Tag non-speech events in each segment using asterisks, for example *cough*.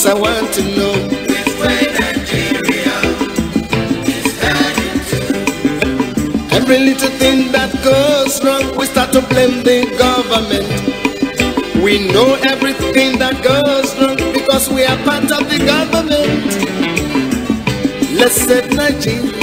Yes, I want to know. Which way Nigeria is heading to. Every little thing that goes wrong, we start to blame the government. We know everything that goes wrong because we are part of the government. Let's set Nigeria.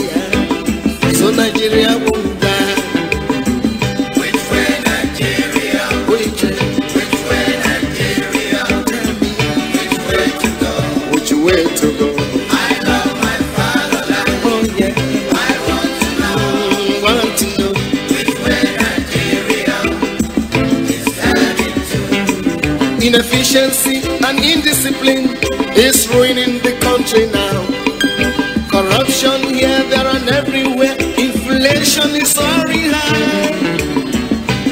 inefficiency and indiscipline is ruining the country now. Corruption here, there, and everywhere. Inflation is soaring high.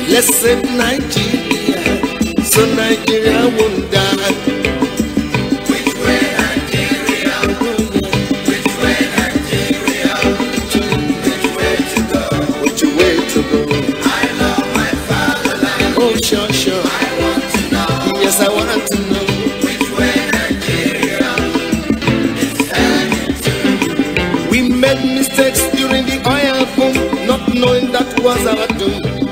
Let's save Nigeria so Nigeria won't die. that was our doing.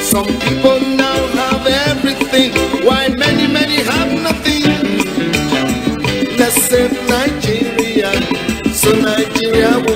Some people now have everything, while many, many have nothing. Let's save Nigeria, so Nigeria will.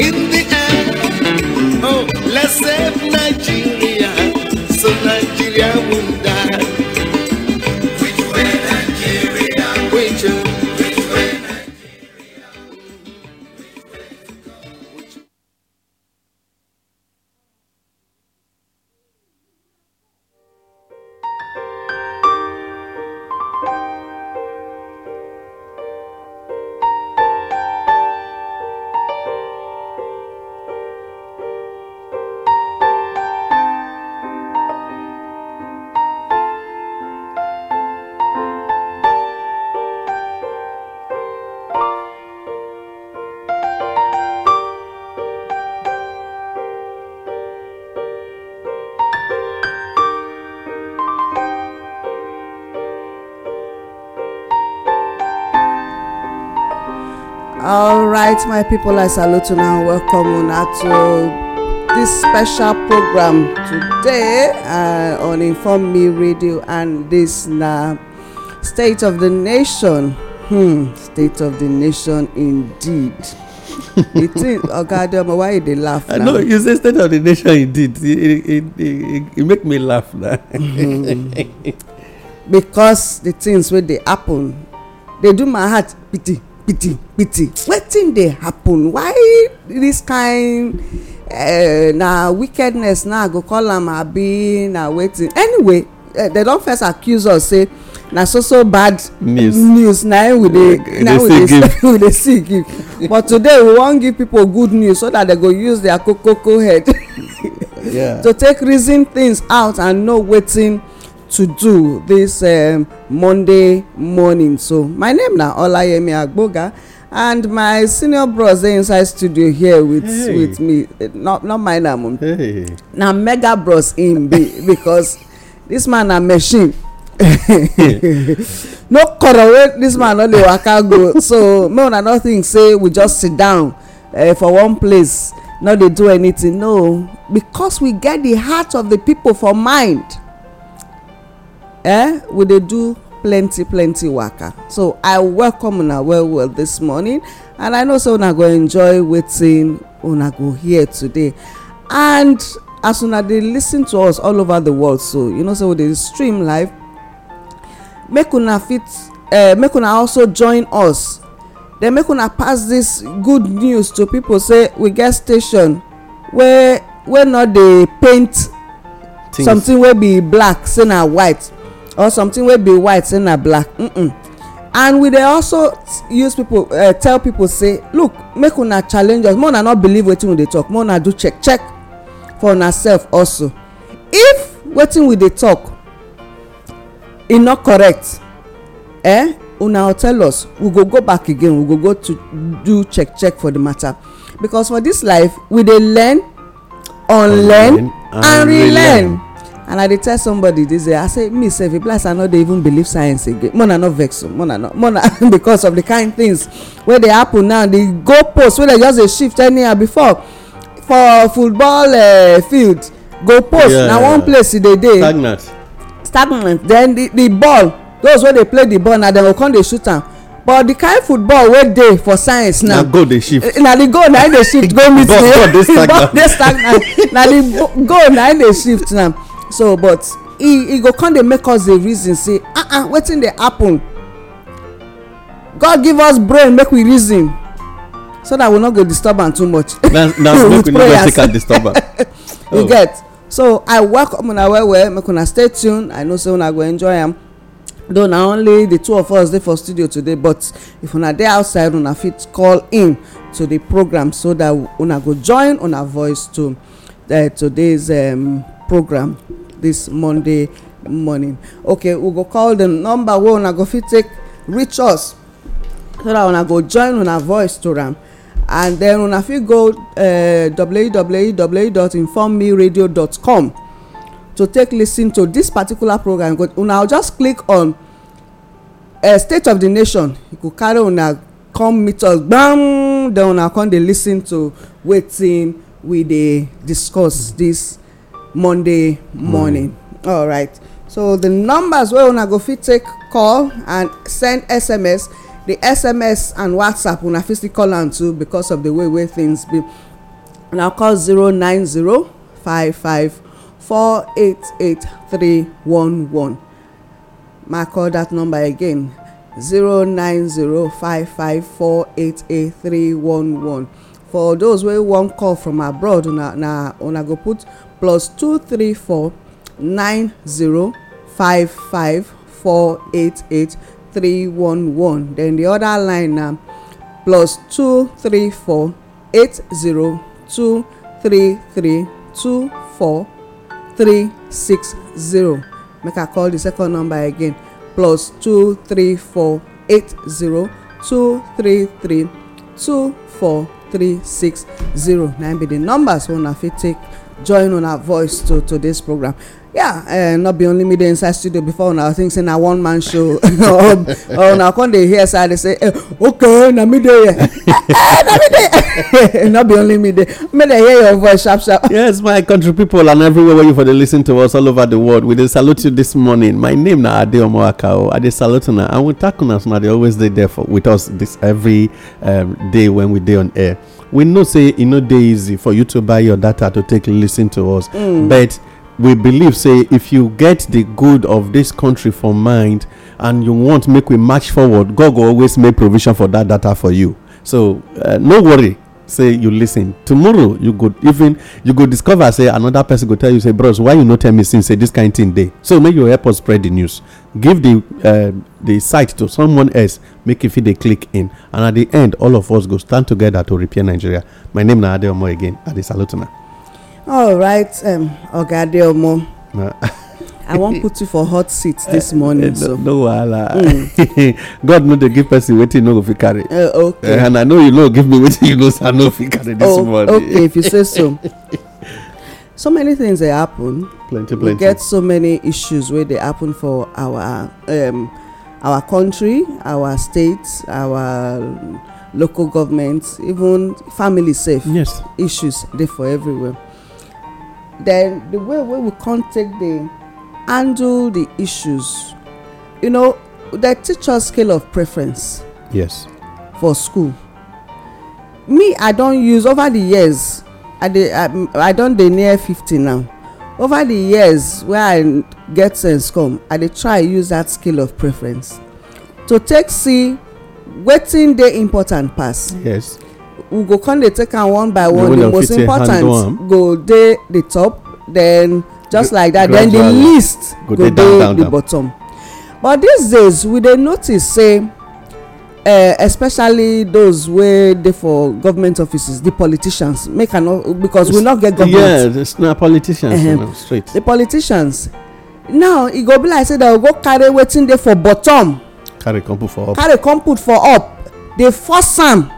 in the end. Oh, let's save Nigeria so Nigeria will. right my people i salute una and welcome una to this special program today uh, on inform me radio and this na state of the nation hmm state of the nation indeed the *laughs* thing oga adeomo why you dey laugh now. i know you say state of the nation indeed it it it, it make me laugh na. Mm-hmm. *laughs* because the things wey dey happen dey do my heart pity piti piti wetin dey happen why this kind eh, na wickedness Na i go call am abi na wetin anyway they eh, don first accuse us say na so so bad news News. na we na we dey see *laughs* give but today we wan give people good news so that they go use their koko head Yeah. *laughs* to take reason things out and know wetin to do this um, monday morning so my name na olayemi agboga and my senior bros dey inside studio here with hey. with me eh, not not mind am um. hey. na mega bros im be because this man na machine *laughs* no kọrọ wey this man no dey waka go so make una no think say we just sit down uh, for one place no dey do anything no because we get the heart of the people for mind eh we dey do plenty plenty waka so i welcome una well well this morning and i know say una go enjoy wetin una go hear today and as una dey lis ten to us all over the world so you know say we dey stream live make una fit eh, make una also join us then make una pass this good news to people. say we get station wey no dey paint something wey be black say na white or something wey be white say na black mm and we dey also use people uh, tell people say look make una challenge us more na not believe wetin we dey talk more na do check check for una self also if wetin we dey talk e not correct eh una tell us we go go back again we go go to do check check for the matter because for this life we dey learn unlearn and relearn and i dey tell somebody dis day i say me sef e like say i no dey even believe science again Mona na no vex o mona na more *laughs* because of the kind things wey dey happen now the post wey dey just dey shift anyhow before for football uh, field goalpost na one place e dey dey stagnant stagnant then the the ball those wey dey play the ball na dem go come dey shoot am but the kind football wey dey for science now na goal dey shift eh, na the goal na im dey shift go *laughs* meet the ball *laughs* dey stagnant na the goal na im dey shift now so but e e go come dey make us dey reason say ah ah wetin dey happen god give us brain make we reason so that we no go disturb am too much na *laughs* na make we no go take am disturb am *laughs* you oh. get so i welcome una well well make una stay tuned i know say una go enjoy am though na only the two of us dey for studio today but if una dey outside una fit call in to the program so that una go join una voice to uh, today's um, program this monday morning okay we go call the number one. una go fit take reach us so that una go join on our voice to them, and then una fit go uh, www.informmeradio.com to take listen to this particular program Go and I'll just click on a uh, state of the nation you could carry una come meet us Bam! then una come dey listen to waiting. we dey discuss this monday morning all right so the numbers wey una go fit take call and send sms The sms and whatsapp una fit still call am too because of the way wey things be na call zero zero nine five five four eight eight three one one. ma call that number again Zero zero nine five five four eight eight three one one. for those wey wan call from abroad una go put plus two three four nine zero five five four eight eight three one one then the other line na plus two three four eight zero two three three two four three six zero make i call the second number again plus two three four eight zero two three three two four three six zero na be the numbers so una fit take join una voice to to this program yeah uh, not be only me dey inside studio before una think say na one man show *laughs* or una come dey hear side dey say eh, okay na me dey here *laughs* eh, na me dey *laughs* not be only me dey make dem hear your voice sharp sharp yes my country people and everywhere wey you for dey listen to us all over the world we dey salute you this morning my name na ade omoakao i dey salute una and we talk una so na dey always dey there for with us this every um, day when we dey on air we know say e no dey easy for you to buy your data to take listen to us mm. but we believe say if you get the good of this country for mind and you want make we march forward god go always make provision for that data for you so uh, no worry say you listen tomorrow you go even you go discover say another person go tell you say bros why you no tell me since say this kind of thing dey so make you help us spread the news give the uh, the site to someone else make e fit dey click in and at the end all of us go stand together to repair nigeria my name na adeomo again i dey all right um, oga adeomo. *laughs* i won't put you for hot seats this eh, eh, morning so no wahala mm. *laughs* god know dey give person waiting no go fit carry eh, okay and i know you know give me waiting you know say i no fi carry this oh, morning okay if you say so *laughs* so many things they happen plenty plenty we get so many issues where they happen for our um, our country our states, our local governments, even family sef issues dey for everywhere. then the way wey we come take dey handle the issues you know they teach us scale of preference yes for school me i don use over the years i dey i don dey near fifty now over the years wey i get sense come i dey try use that scale of preference to take see wetin dey important pass yes we go come dey take am one by one the most important go dey the top then just like that then the list go dey the bottom but these days we dey notice say eh, especially those wey dey for government offices the politicians make i no because we no get government yes na politicians straight the politicians now e go be like say dem go carry wetin dey for bottom carry come put for up carry come put for up dey force am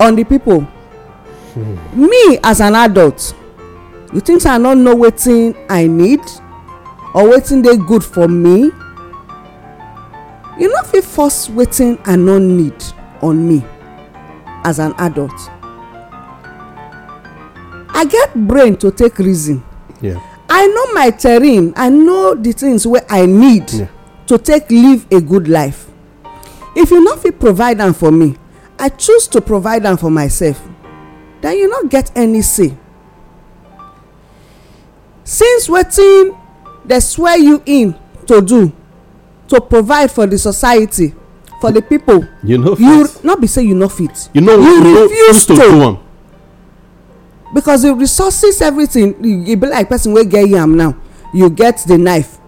on the people hmm. me as an adult you think i no know wetin i need or wetin dey good for me you no fit force wetin i no need on me as an adult i get brain to take reason i know my terrain i know the things wey i need to take live a good life if you no fit provide am for me i choose to provide am for myself then you no get any say since wetin dey swear you in to do to provide for di society for di pipo you You not be say you no fit you You refuse to do am because the resources everything e be like person wey get yam now you get the knife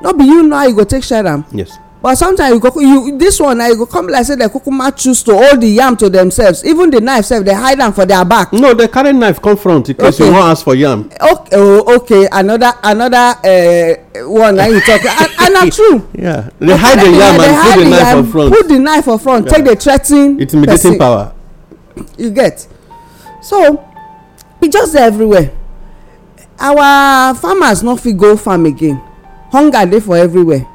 no be you know how you go take share am yes but sometimes you go you this one na you go come like say They kukuma choose to hold the yam to themselves even the knife sef dey hide am for their back. no dey carry knife come front in case you wan ask for yam. okay oh okay another another uh, one na you talk and, and na true. *laughs* yeah dey hide the yam and put the knife for front. put the knife for front yeah. take dey threa ten. intimidating power. you get so e just dey everywhere our farmers no fit go farm again hunger dey for everywhere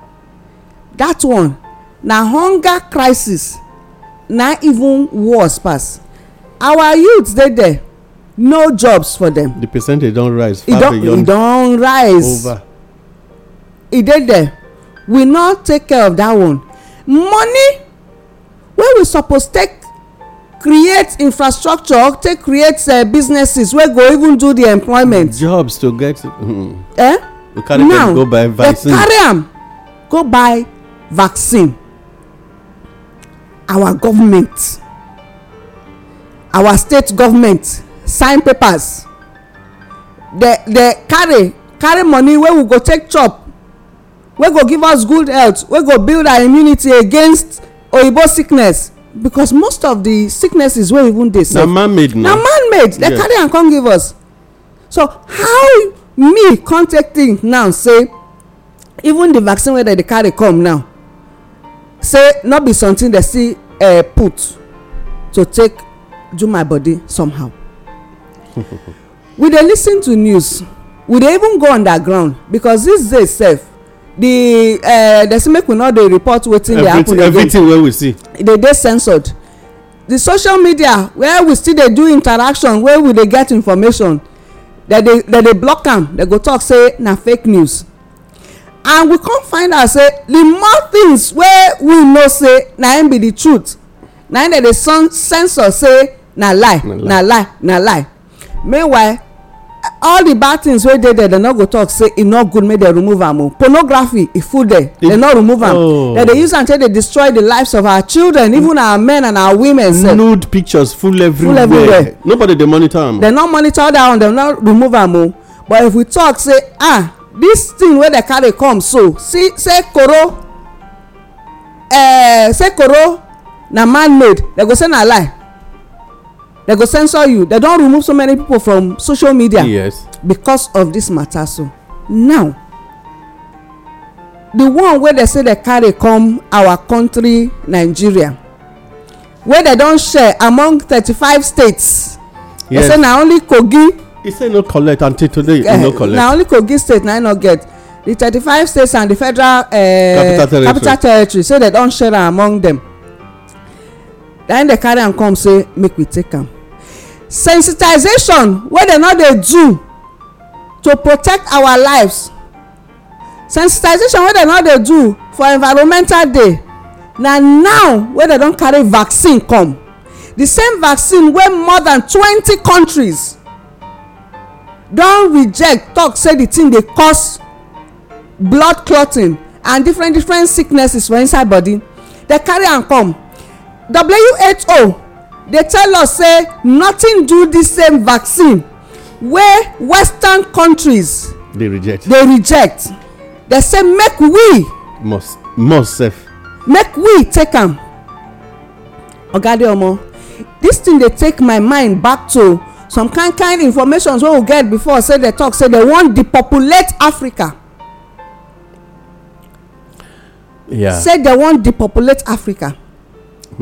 That one na hunger crisis na even worse pass our youths, dey there no jobs for them. the percentage don rise e far beyond e don rise over e dey there we no take care of that one money wey we suppose take create infrastructure or take create eh, businesses wey go even do the employment jobs to get hmm. eh now dem carry am go buy vaccine our government our state government sign papers dey dey carry carry money wey we go take chop wey go give us good health wey go build our immunity against oyibo sickness because most of the sicknesses wey even dey sef na man made na man made dem carry am come give us so how me come take think now say even the vaccine wey dem dey carry come now say not be something dem still eh, put to take do my body somehow *laughs* we dey lis ten to news we dey even go underground because this day sef the uh, they say make we no dey report wetin dey happen again everything wey we see e dey dey censored the social media where we still dey do interaction where we dey get information dem dey dem dey block am dem go talk say na fake news and we come find out say the more things wey we know say na im be the truth na im dey dey censor say na lie na lie na lie meanwhile all the bad things wey dey there dem no go talk say e no good make dem remove am o pornography e full there e dem no remove am oh. dem dey use am take dey destroy the lives of our children even our men and our women sef nude pictures full everywhere full everywhere nobody dey monitor am dem no monitor that one dem no remove am o but if we talk say ah This thing wey dem carry come so see say koro eh say koro na man made dem go say na lie dem go censor you dem don remove so many people from social media yes because of this matter so now the one wey dey say dey carry come our country nigeria wey dey don share among thirty-five states yes. say na only kogi e say no collect until today e no eh, collect na only kogi state na e no get the thirty-five states and the federal eh, capital territory So they don share am among dem then dem carry am come say make we take am sensitization wey dem no dey do to protect our lives sensitization wey dem no dey do for environmental day na now wey dem don carry vaccine come the same vaccine wey more than twenty countries don reject talk say the thing dey cause blood clotting and different different sicknesses for inside body dey carry am come who dey tell us say nothing do dis same vaccine wey western countries dey reject dey reject dey say make we must must sef make we take am oga omo This thing dey take my mind back to some kind kind informations wey we get before say they talk say they wan depopulate africa yeah say they wan depopulate africa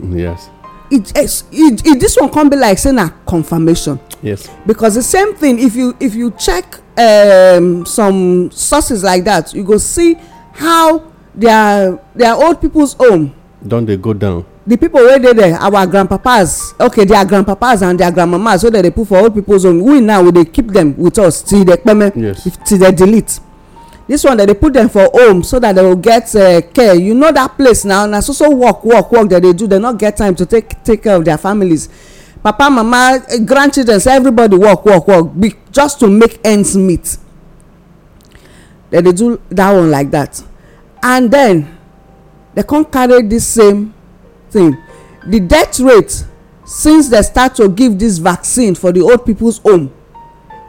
yes it it this one come be like say na confirmation yes because the same thing if you if you check um, some sources like that you go see how their their old people's home don dey go down the people wey dey there our grandpapas okay their grandpapas and their grandmamas wey dem dey put for old people's home we now we dey keep them with us till dey kpeme yes. till dey delete this one dem dey put them for home so that dem go get uh, care you know that place now na so so work work work dem dey do dem no get time to take take care of their families papa mama eh, grandchildren everybody work work work be just to make ends meet dem dey do that one like that and then dem come carry this same thing the death rate since they start to give this vaccine for the old peoples home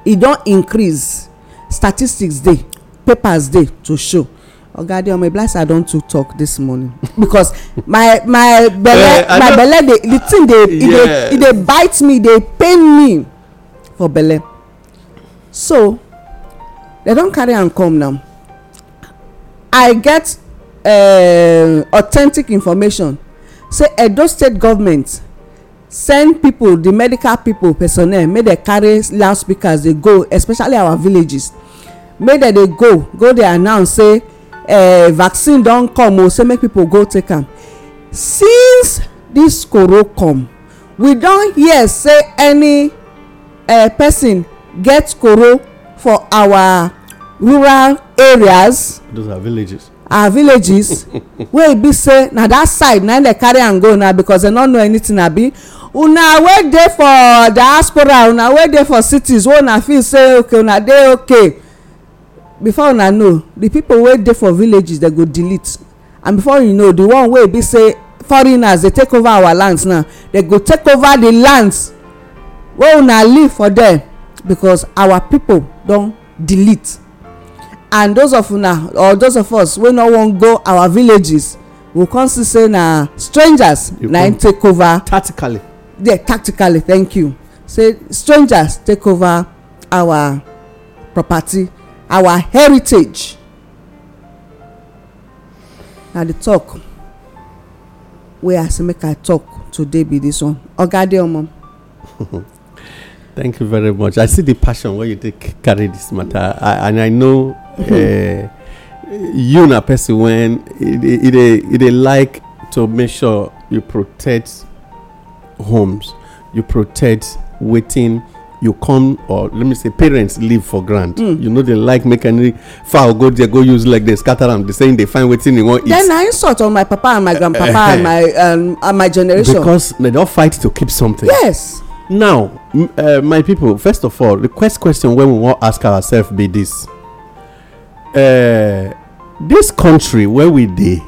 e don increase statistics dey papers dey to show oga adeoma iblasa don too talk this morning *laughs* because my my belle eh, my belle dey the thing dey e dey e bite me e dey pain me for belle so they don carry am come now i get eh, authentic information say edo state government send people the medical people personnel make dem carry loudspeakers dey go especially our villages make dem dey go go dey announce say eh, vaccine don come o oh, say make people go take am since this koro come we don hear say any eh, person get koro for our rural areas those are villages our villages *laughs* wey e be say na that side na dem carry am go na because dem no know anything abi una wey dey for diaspora una wey dey for cities wey una feel say okay una dey okay before una know the people wey dey for villages dem go delete and before you know the one wey e be say foreigners dey take over our lands now dem go take over the lands wey una live for there because our people don delete and those of una or those of us wey no wan go our villages we come see say na strangers na im take over tactically yeah tactically thank you say strangers take over our property our heritage na the talk wey i say make i talk today be this one oga dey omo *laughs* Thank you very much. I see the passion where you take carry this matter, I, and I know uh, you na person when it it dey like to make sure you protect homes, you protect wetin you come or let me say parents live for grant mm. you know they like make any fowl go there go use leg dey scatter am dey say they find wetin they wan eat then na insult on my papa and my grandpapa and eh, eh, my um, and my generation because they don fight to keep something yes now uh, my people first of all the first question wey we wan ask ourselves be this: uh, dis country where we dey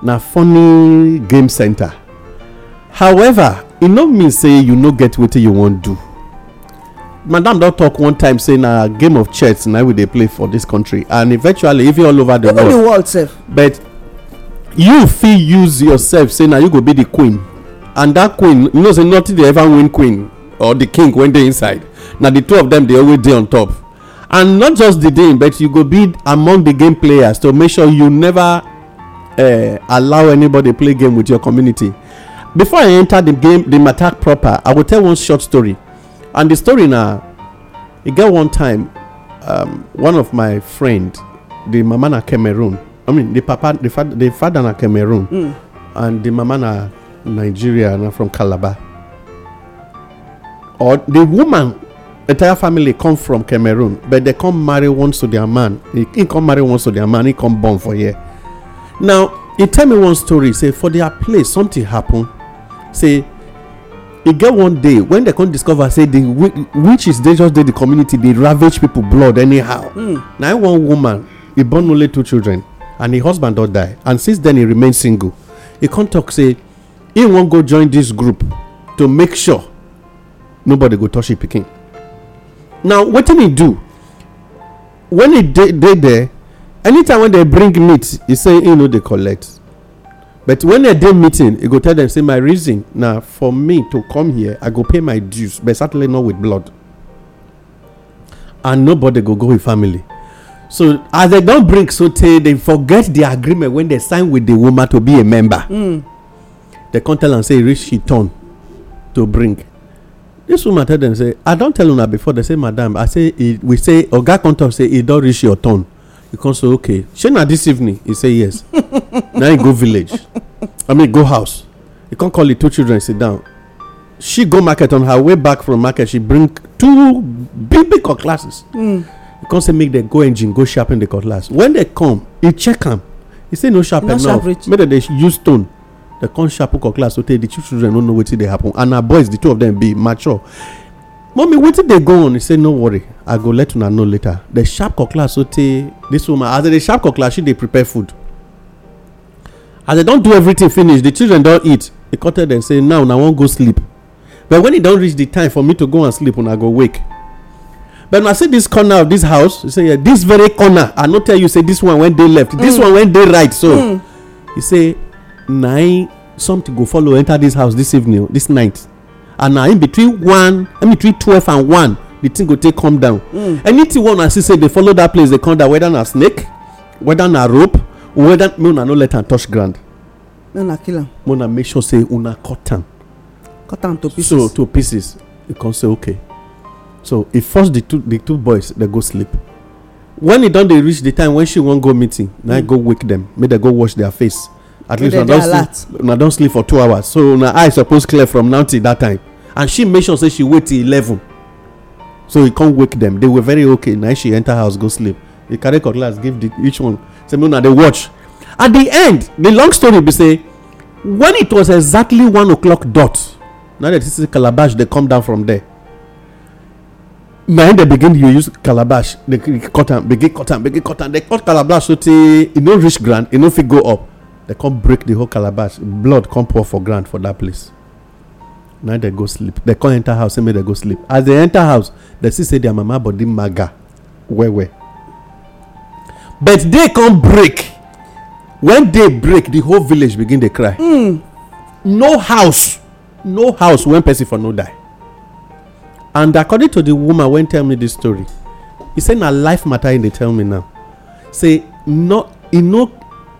na funny game center however e no mean say you no get wetin you wan do madam don talk one time say na game of chess na we dey play for this country and eventually even all over the world but you fit use yourself say na you go be the queen and that queen you know say nothing dey ever win queen or the king wey dey inside na the two of them dey always dey on top and not just the dame but you go be among the game players to make sure you never eh, allow anybody play game with your community before i enter the game the matter proper i go tell one short story and the story na e get one time um, one of my friend the mama na cameroon i mean the papa the father na cameroon mm. and the mama na Nigeria and from Calabar. Or the woman entire family come from Cameroon but they come marry once to their man. He, he come marry once to their man, he come born for here. Now he tell me one story say for their place something happen say e get one day when they come discover say the witches dey just dey the community dey ravage people blood anyhow mm. na one woman he born only two children and e husband don die and since then he remain single He come talk say he wan go join this group to make sure nobody go touch him pikin now wetin he do when he dey there anytime when they bring meat he say e no dey collect but when they dey meeting he go tell them say my reason na for me to come here i go pay my dues but certainly not with blood and nobody go go with family so as they don bring so tey they forget the agreement wey they sign with the woman to be a member mm dem come tell am say e reach she turn to bring This woman tell them say i don tell una before they say madam i say we say oga come talk say e don reach your turn you come say okay shey na this evening e say yes *laughs* na e go village i mean go house e come call e two children sit down she go market on her way back from market she bring two big big cutlasses hmm. e come say make dem go engine go sharpen the cutlass when dem come e check am e say no sharp enough make dem dey use stone dem come sharp for class so tey the two children no know wetin they happen and our boys the two of them be mature mommy what did they go on he say no worry i go let una know later The sharp for class so tey this woman as the sharp for class she they prepare food as they don't do everything finish the children don't eat e come tell dem say now I wan go sleep but when it don't reach the time for me to go and sleep when I go wake but I see this corner of this house you say yeah, this very corner i no tell you say this one wey they left this mm. one wey they right so you mm. say Nine something go follow enter this house this evening this night and na in between one in between twelve and one the thing go take come down hmm. anything wey una see say dey follow that place dey come down whether na snake whether na rope whether make una no let am touch ground make una kill am make una make sure say una cut am cut am to pieces so to pieces you come say okay so he force the two the two boys dey go sleep when e don dey reach the time when she wan go meeting na hmm. go wake them. make they go wash their face at least una don sleep sleep for two hours so una eye suppose clear from now till that time and she make sure say she wait till eleven so he come wake them. they were very okay na she enter house go sleep e carry cutlass give the each one say make una dey watch at the end the long story be say when it was exactly one o'clock dot na dey see calabash dey come down from there na im dey begin dey use calabash dey cut am begin cut am begin cut am dey cut calabash so tey e no reach ground e no fit go up They come break the whole calabash blood come pour for ground for that place Now they go sleep They come enter house say make They go sleep as they enter house dem see say their mama body maga well well but day come break when day break the whole village begin dey cry hmm. no house no house when person for no die and according to the woman wey tell me this story e say na life matter e dey tell me now say no e no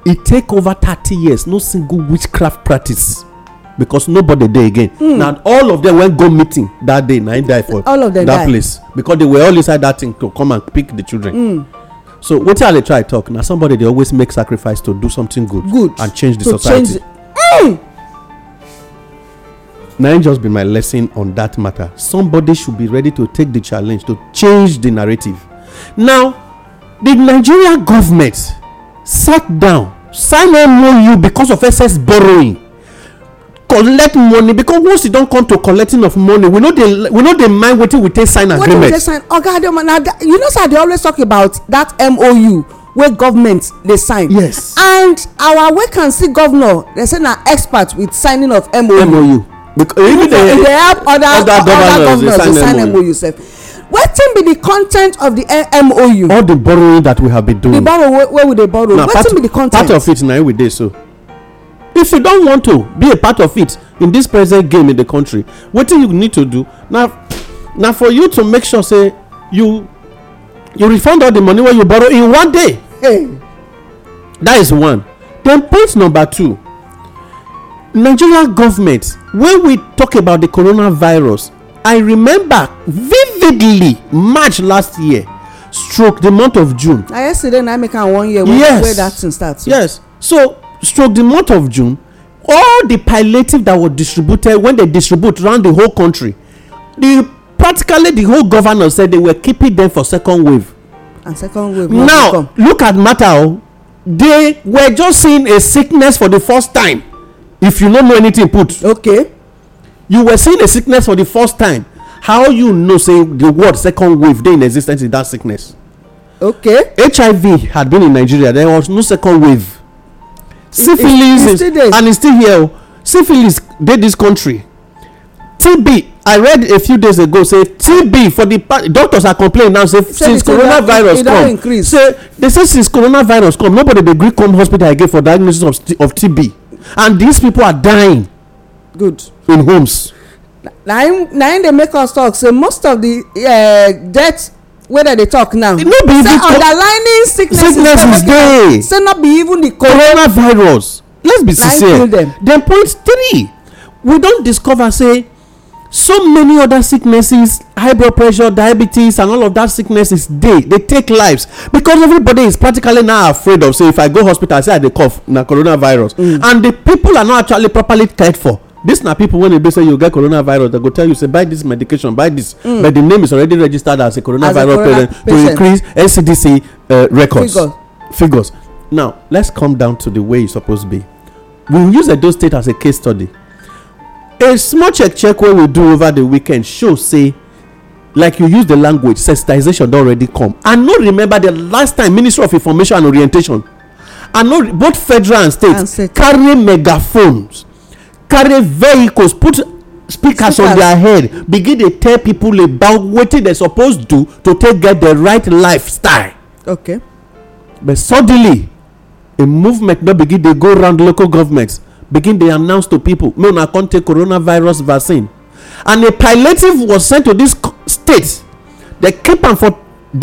e take over thirty years no single witchcraft practice because nobody dey again hmm. na all of them wen go meeting that day na im die for dat place because they were all inside that thing to come and pick the children hmm. so wetin i dey try talk na somebody dey always make sacrifice to do something good good and change the society hmm. na im just be my lesson on that matter somebody should be ready to take the challenge to change the narrative now the Nigerian government sat down sign mou because of excess borrowing collect money because once you don come to collecting of money we no dey mind wetin we take sign agreement wetin we take sign oga adeoma you know sir i dey always talk about that mou wey government dey sign yes and our vacancy governor dey say na expert with signing of mou mou because even dey help other other governors to sign mou sef wetin be the content of the mou. all the borrowing that we have been doing. the borrow wey we dey borrow now, wetin be the content. part of it na we dey so if you don want to be a part of it in this present game in the country wetin you need to do na na for you to make sure say you you refund all the money wey you borrow in one day. Hey. that is one then point number two nigeria government when we talk about the coronavirus i remember vividly march last year stroke the month of june na yesterday na make am one year wey that thing start yes so stroke the month of june all the palliative that were distributed when they distribute around the whole country the practically the whole governor said they were keeping them for second wave and second wave now look at matter o oh. they were just seeing a sickness for the first time if you no know anything put okay you were seeing a sickness for the first time how you know say the word second wave dey in existence in that sickness okay hiv had been in nigeria there was no second wave syphilis is and e still here oh. syphilis dey this country tb i read a few days ago say tb for the past doctors are complaining now say since coronavirus come say they say since coronavirus come nobody dey gree come hospital again for diagnosis of of tb and these people are dying good in homes na im dey make us talk say most of di eh, deaths, wey dem dey talk now say underlining sicknesses dey say not be even the coronavirus let's be sincere dem point three we don discover say so many other sicknesses high blood pressure diabetes and all of that sicknesses dey dey take lives because everybody is practically now afraid of say if i go hospital say i dey cough na coronavirus mm. and the people are not actually properly cared for This na people wey be say you get coronavirus dem go tell you say buy this medication buy dis mm. but the name is already registered as a coronavirus patient to increase ncdc uh, records figures now let's come down to the way e suppose be we use edo state as a case study a small check check wey we do over the weekend show say like you use the language sensitization don already come i no remember the last time ministry of information and orientation I and both federal and state carry megaphones carry vehicles put speakers on their head begin dey tell people about wetin dem suppose do to take get the right lifestyle okay but suddenly a movement don begin dey go round local governments begin dey announce to people make una come take coronavirus vaccine and a palliative was sent to this state They keep am for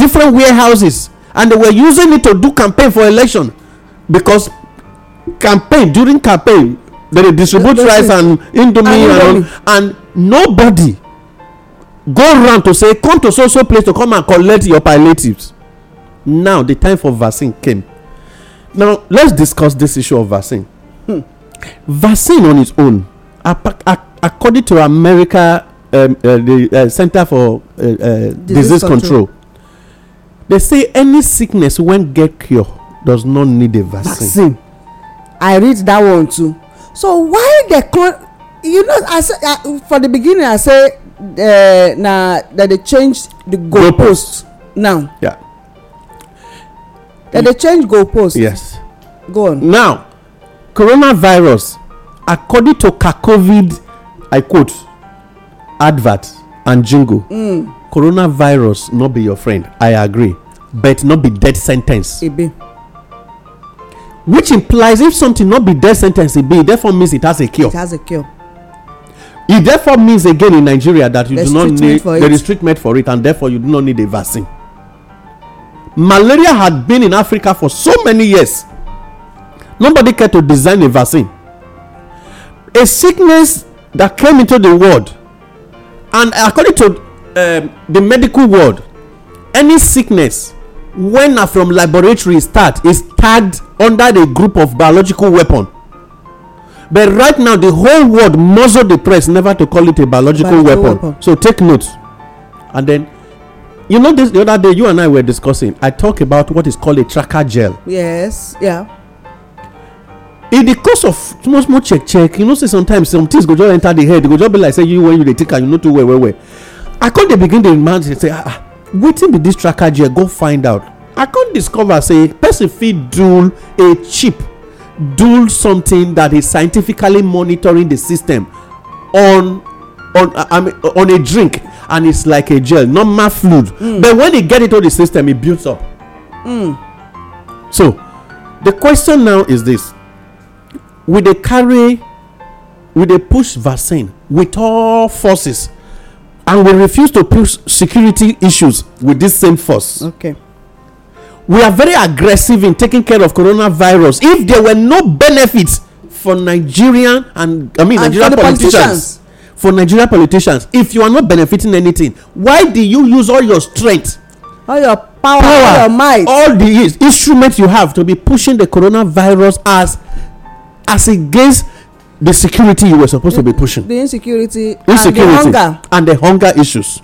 different warehouses and they were using it to do campaign for election because campaign during campaign then they distribute L rice and indomie and, and, and nobody go round to say come to so so place to come and collect your palliatives now the time for vaccine came now let's discuss this issue of vaccine hmm. vaccine on its own according to america um, uh, the uh, center for uh, uh, disease, disease control. control. they say any sickness when get cure does not need a vaccine. vaccine i read that one too so why dey clone you know i for the beginning i say eh, na that they change the goal post now yeah That they change goal post yes go on now coronavirus according to covid i quote advert and jingle hmm. coronavirus no be your friend i agree but no be death sentence e be which implies if something not be death sentence it be therefore means it has a cure. it has a cure. it therefore means again in nigeria that you There's do not need there is treatment for it and therefore you do not need a vaccine. malaria had been in africa for so many years nobody cared to design a vaccine. a sickness that came into the world and according to um, the medical world any sickness when na from laboratory start is tagged under the group of biological weapon but right now the whole world muzzle the press never to call it a biological, weapon. weapon. so take note and then you know this the other day you and i were discussing i talk about what is called a tracker gel. yes yeah. in the course of small small check check you know say sometimes some things go just enter the head e go just be like say you when you dey take am you no too well well well i come dey begin dey imagine say ah ah wetin be dis tracker gel go find out i come discover say person fit do a chip do something that is scientifically monitoring the system on on I mean, on a drink and it's like a gel normal fluid mm. but when e get into the system e builds up mm. so the question now is this we dey carry we dey push vaccine with all forces and we refuse to push security issues with this same force. Okay. We are very aggressive in taking care of coronavirus. If there were no benefits for Nigerian and I mean Nigerian politicians, politicians, for Nigerian politicians, if you are not benefiting anything, why do you use all your strength, all your power, power all your might, all the instruments you have to be pushing the coronavirus as as against the security you were supposed the, to be pushing. The insecurity, insecurity and the hunger. And the hunger issues.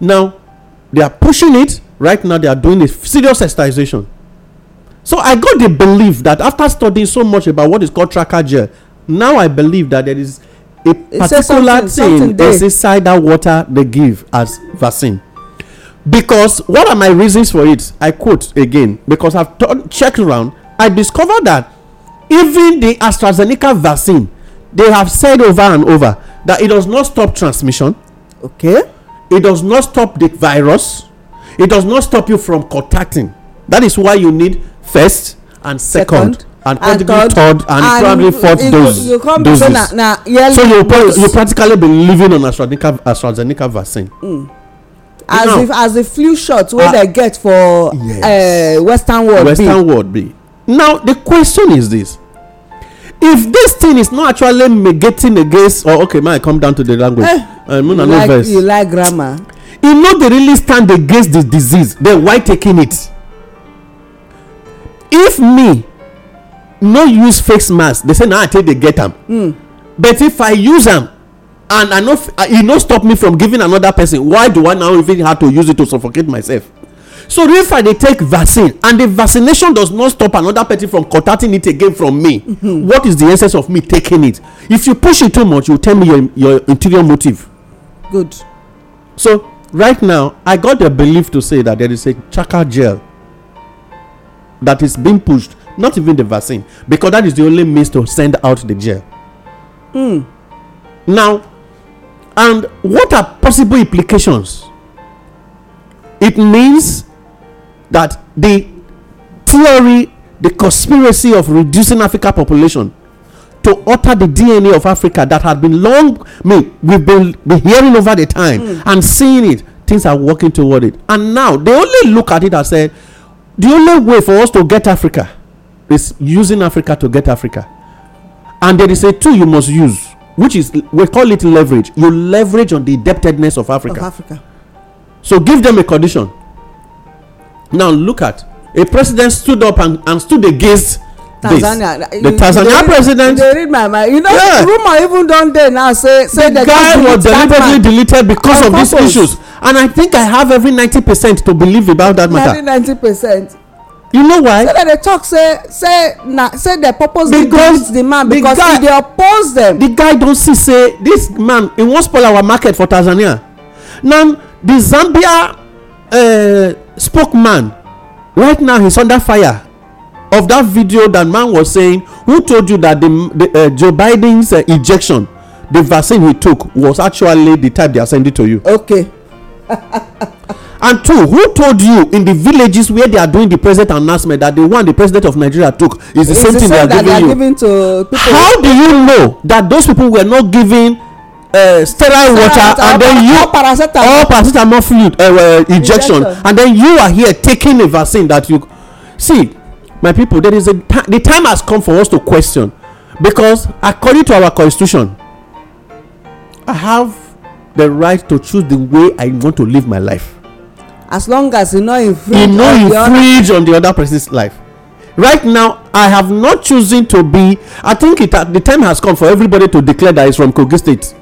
Now, they are pushing it. Right now, they are doing a serious sensitization. So I got the belief that after studying so much about what is called tracker gel, now I believe that there is a particular something, something thing inside that water they give as vaccine. Because what are my reasons for it? I quote again because I've t- checked around. I discovered that even the AstraZeneca vaccine, they have said over and over that it does not stop transmission. Okay. It does not stop the virus. It does not stop you from contacting. That is why you need first and second, second and, and third, third and, and probably fourth it, dose. You come doses. So, na, na, so you, dose. you practically be living on AstraZeneca, AstraZeneca vaccine. Mm. As you if as a flu shot wey uh, ah. dem get for yes. uh, western world western be. world be now the question is this if this thing is not actually negating against or okay man, i come down to the language eh, uh, you, like, you like grammar e no they really stand against the disease then why taking it if me no use face mask they say na i take dey get am mm. but if i use them and i no e no stop me from giving another person why do i now even have to use it to suffocate myself so if i dey take vaccine and the vaccination does not stop another person from contacting it again from me mm -hmm. what is the essence of me taking it if you push it too much you tell me your your interior motive. good. so right now i got the belief to say that there is a chaka gel that is being pushed not even the vaccine because that is the only means to send out the gel. Mm. now and what are possible implications it means that the theory the conspiracy of reducing africa population to alter the dna of africa that had been long me we've been, been hearing over the time mm. and seeing it things are working toward it and now they only look at it and say the only way for us to get africa is using africa to get africa and there is a tool you must use which is we call it leverage you leverage on the indebtedness of africa, of africa. so give them a condition now look at a president stood up and, and stood against Tanzania. This. The Tanzania they, president. They read my mind. You know, yeah. rumor even done there now say say the guy was deliberately deleted because of, of these issues, and I think I have every ninety percent to believe about that matter. Every ninety percent. You know why? So that they talk say say na say they purposely because the man because the guy, he dey oppose them. The guy don see say this man he wan spoil our market for Tanzania. Now the Zambia. Uh, spokesman right now he's under fire of that video that man was saying who told you that the, the uh, joe biden's uh, injection the vaccine he took was actually the type they are sending to you. okay. *laughs* and two who told you in the villages where they are doing the president announcement that the one the president of nigeria took is the it's same the thing same they are giving you how do you know that those people were not giving uh, sterile water and then you all paracetamol fluid uh, uh, injection and then you are here taking a vaccine that you see my people there is a the time has come for us to question because according to our constitution i have the right to choose the way i want to live my life. as long as you know infringe e no infringe on the other person's life right now i have not chosen to be i think it uh, the time has come for everybody to declare that it's from kogi state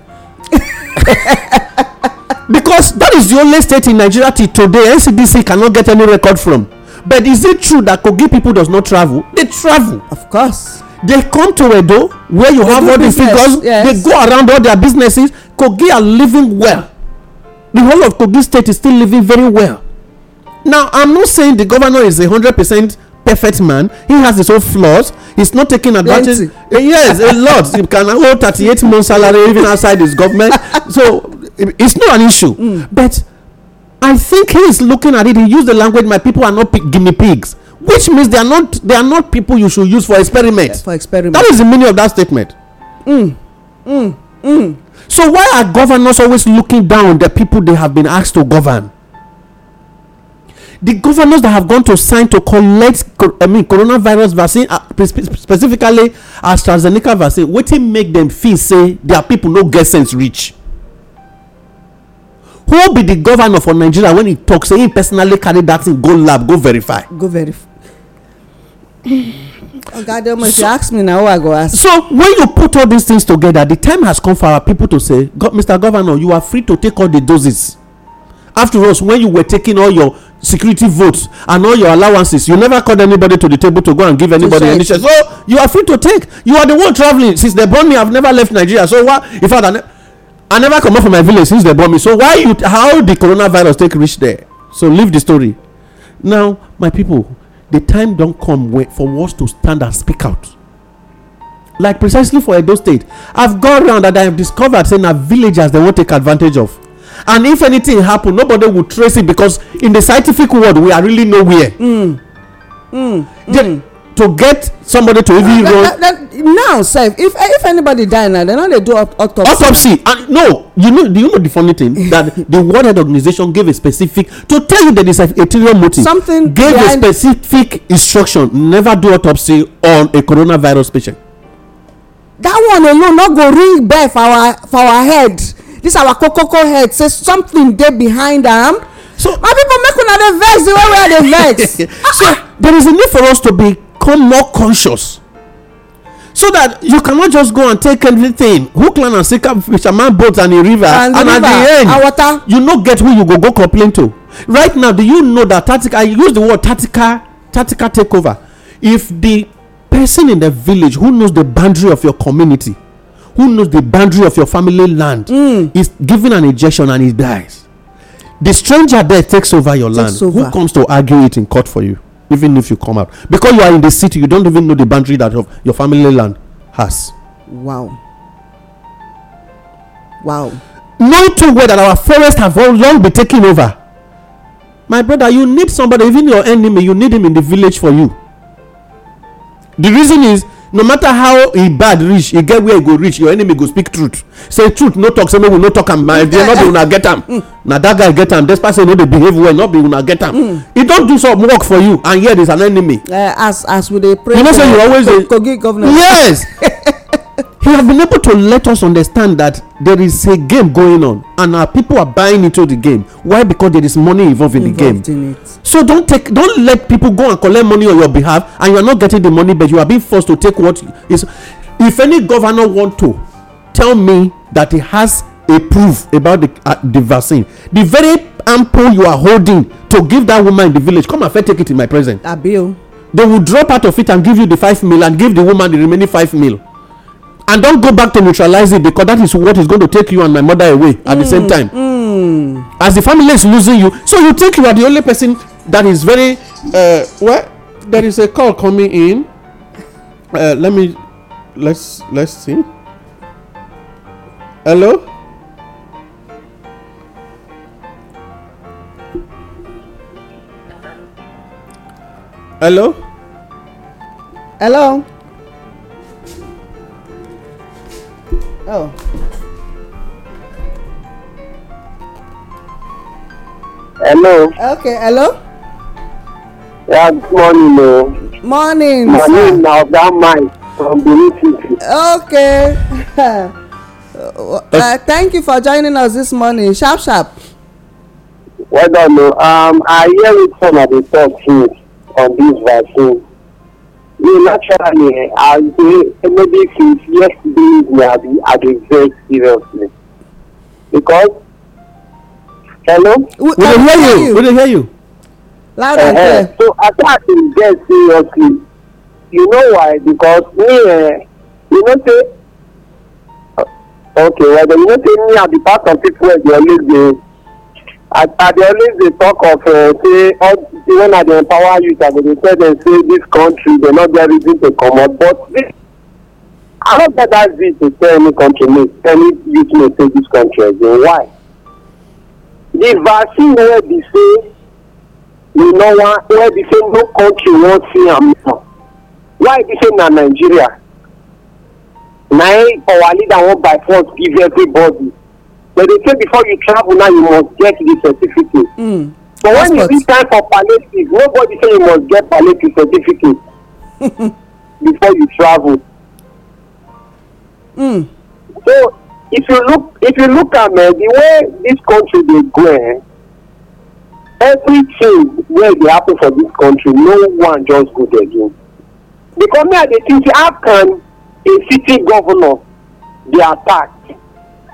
*laughs* because that is the only state in nigeria till today ncdc cannot get any record from but is it true that kogi people does not travel they travel of course they come to edo where you they have all business, the figures yes. they go around all their businesses kogi are living well the whole of kogi state is still living very well now i'm not saying the governor is a hundred percent perfect man he has his own flaws he's not taking advantage Plenty. Eh, yes a lot he can hold thirty-eight months salary even outside his government so it's not an issue mm. but i think he is looking at it he used the language my people are not guinea pigs which means they are not they are not people you should use for experiment for experiment that is the meaning of that statement mm. Mm. Mm. so why are governors always looking down the people they have been asked to govern the governors that have gone to sign to collect i mean coronavirus vaccine uh, specifically astrazeneca vaccine wetin make dem feel say dia pipo no get sense reach who be di governor for nigeria wen e tok say im personally carry dat thing go lab go verify go verify *sniffs* oga adeoma if you ask me na who i go ask so when you put all these things together the time has come for our people to say mr governor you are free to take all the doses after all when you were taking all your security votes and all your allowances you never called anybody to the table to go and give anybody any share so you are free to take you are the one traveling since they born me i have never left nigeria so why in fact i, ne I never comot from my village since they born me so why you how the coronavirus take reach there so leave the story now my people the time don come for us to stand and speak out like precisely for edo state i ve gone round and i have discovered say na villagers dem wan take advantage of and if anything happen nobody will trace it because in the scientific world we are really nowhere. Mm. Mm. Then, mm. to get somebody to even uh, roll. now sef if if anybody die now dem no dey do autopsy. autopsy and no you know Do you know the funny thing *laughs* that the world health organization gave a specific to tell you that it's a ulterior motive. something gave a specific instruction never do autopsy on a coronavirus patient. that one alone no go ring bell for our for our head This our kokoko head say something dey behind am so my people make una dey vex the way wey i dey vex *laughs* so ah, ah. there is a need for us to become more conscious so that you cannot just go and take anything hook line and sinker fisherman boat and a river and, and river, at the end water, you no get who you go go complain to right now do you know that tactical i use the word tactical tactical takeover if the person in the village who knows the boundary of your community who knows the boundary of your family land mm. is given an injection and he dies the stranger there takes over your takes land over. who comes to argue it in court for you even if you come out because you are in the city you don't even know the boundary that of your family land has wow wow knowing too well that our forests have all long been taken over my brother you need somebody even your enemy you need him in the village for you the reason is no matter how e bad reach e get where e go reach your enemy go speak truth say truth no talk say make we no talk am my dear no be una get am mm. na that guy get am despite say no dey behave well no be una get am e don do some work for you and yet is an enemy. Uh, as as we dey pray you know say kogi governor. yes *laughs* he has been able to let us understand that there is a game going on and our people are buying into the game why because there is money involved in involved the game in so don't take don't let people go and collect money on your behalf and you are not getting the money but you are being forced to take what is if any governor want to tell me that he has a proof about the uh, the vaccine the very ample you are holding to give that woman in the village come and first take it in my present. abiyo. they will drop out of it and give you the five mil and give the woman the remaining five mil and don't go back to neutralize it because that is what is going to take you and my mother away at mm, the same mm, time mm. as the family is losing you so you think you are the only person that is very uh, well there is a call coming in uh, let me let's let's see hello hello hello Oh. Hello. Okay, hello. Yeah, good morning, no. Oh. Morning. My sir. name now that mine from Benin Okay. *laughs* uh, thank you for joining us this morning. Sharp, sharp. Well done, no. Oh. Um, I hear it from the talk on this vaccine you naturally, as they, maybe since yesterday, we have been addressing seriously. Because, hello? We, we hear you. We can hear you. Loud uh-huh. and clear. So, attack is dead seriously. You know why? Because me, uh, you know, say, uh, okay, well, you know, say me, I be part of people who are the I, I dey always dey talk of uh, say all when I dey empower youth I go dey tell dem say dis country dey no get reason to comot but this I no get that zeal to tell any country mate any youth mate say dis country again why the vaccine wey be say we no wan wey be say no country wan see am now why be say na nigeria na e, our leader wan by force give everybody but they say before you travel now you must get the certificate. Mm. but That's when you be time for palliative nobody say you must get palliative certificate *laughs* before you travel. Mm. so if you look if you look at me eh, the way this country dey go eh everything wey dey happen for this country no one just good again because me i dey think how can a city governor dey attacked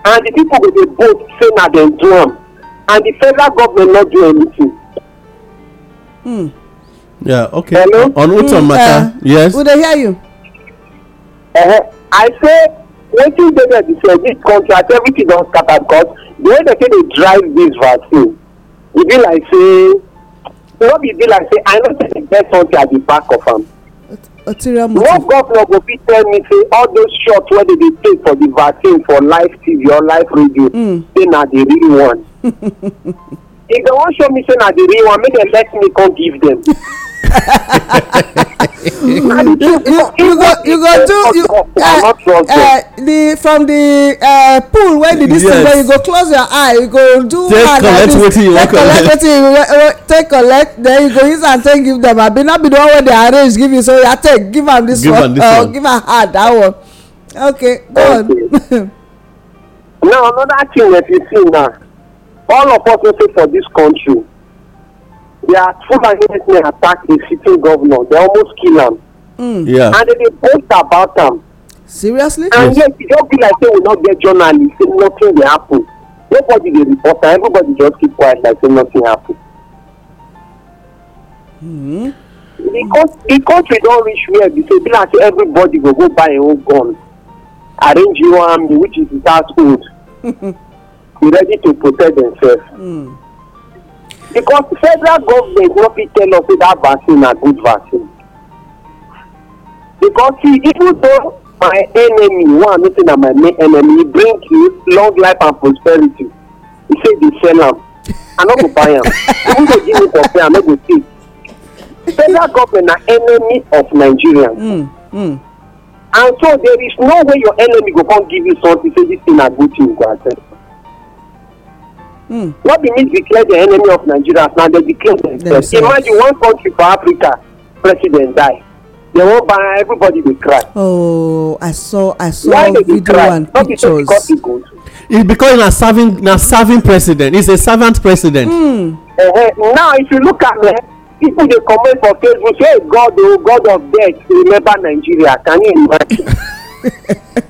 and the people go dey boast say na dem do am and the federal government no do anything. Hmm. yeah okay Hello? on utom mm, matter uh, yes. we dey hear you. Uh -huh. i say wetin dey there be say dis contract everything don scatter because the way dem take dey drive dis vaccine e be like say e no be e be like say i no say the best country at the back of am ulterior motive. one governor go fit tell me say all those shots wey dem dey take for the vaccine for live tv or live radio hmm. say na the real one *laughs* if dem wan show me say na the real one make dem let me come give dem. *laughs* you go you go do you uh, uh, the from the uh, pool wey the distance yes. where you go close your eye you go do hand like this take collect wetin you wan take collect then you go use am take give them abi no be the one wey dey arrange give you so ya take give am this give one or oh, give am hard that one okay go okay. on. *laughs* now another thing that you see now all of us wey stay for this country their Fulani men attack a sitting governor they almost kill am. Mm. Yeah. and they dey boast about am. seriously. and yes. yet e just be like say we no get journalists say nothing dey happen nobody dey report am everybody just keep quiet like say nothing happen. Mm. because the country don reach where be say be like say everybody go go buy im own gun arrange your army which is without old. *laughs* be ready to protect themselves. Mm because federal government no fit tell us say that vaccine na good vaccine because see even though my enemy one meeting na my main enemy he bring you long life and prosperity he say dey sell am i no go buy am even though give me for free i no go take federal government na enemy of nigerians mm, mm. and so there is no way your enemy go come give you something say this thing na good thing you go accept Mm. What did he declare the enemy of Nigeria now? They declare themselves. Imagine one country for Africa, president die. They won't buy everybody they cry. Oh, I saw I saw Why video cry? and Not pictures. Because it's because he's a serving a serving president. He's a servant president. Mm. uh Now if you look at me, people they comment for Facebook say God oh God of death remember Nigeria. Can you imagine? *laughs*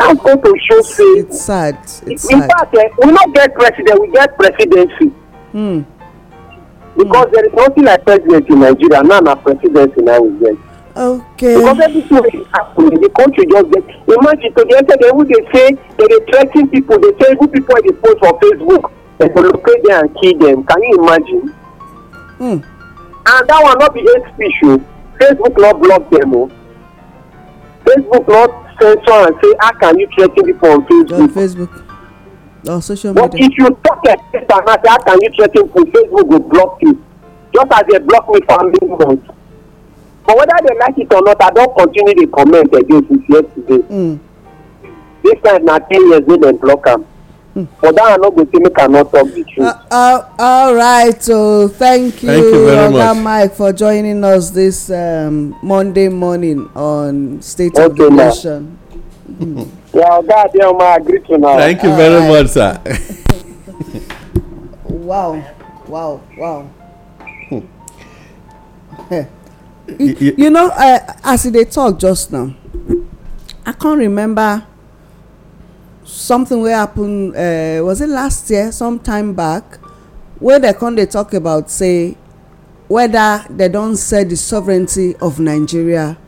time's going to show face. It's sad. It's in sad. fact, uh, we not get president, we get presidency. Hmm. Because mm. there is nothing like president in Nigeria. Now, na presidency now we get. Okay. Because everything wey happen in the country just get. Imagine to the end of the day, they say they dey threa ten people, they say good people dey post for Facebook, they go locate them and kill them. Can you imagine? Hmm. And that one no be hate speech o. Oh. Facebook no block them o. Oh. Facebook no censor and say how can you threaten people on facebook. on facebook or social media. but if you talk against am how can you threaten people facebook go block you just as they block me for many months but whether they like it or not i don continue dey comment again since yesterday. Mm. this time na ten years wey dem block am. But that are not the thing cannot talk the truth. Uh, uh, all right, so thank you, thank Oga Mike, for joining us this um, Monday morning on State okay, of the Nation. Mm. *laughs* yeah, Oga Adeoma, I greet you Thank you all very right. much, sir. *laughs* wow, wow, wow. *laughs* you, you know, uh, as they talk just now, I can't remember something wey happen uh, was it last year some time back wey dem come dey talk about say whether dem don sell the sovereignty of nigeria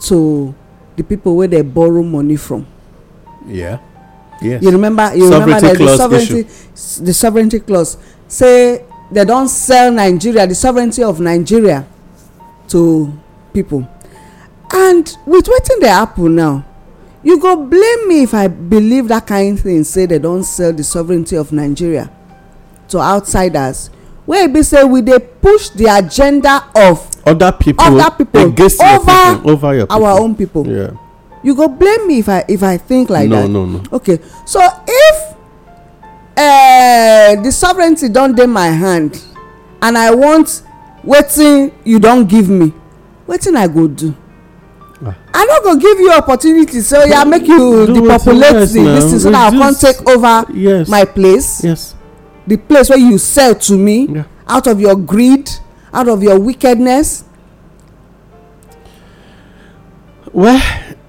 to the people wey dem borrow money from. Yeah. Yes. you remember you sovereignty remember the, sovereignty issue. the sovereignty clause say they don sell nigeria the sovereignty of nigeria to people and with wetin dey happen now you go blame me if i believe that kind thing say they don sell the sovereignty of nigeria to outsiders wey e be say we dey push the agenda of other people against over our own people you go blame me if i if i think like that no no no okay so if uh, the sovereignty don dey my hand and i want wetin you don give me wetin i go do i no go give you opportunity say yeah, make you depopulate the lis ten so that i come take over my place yes the place wey you sell to me out of your greed out of your wickedness well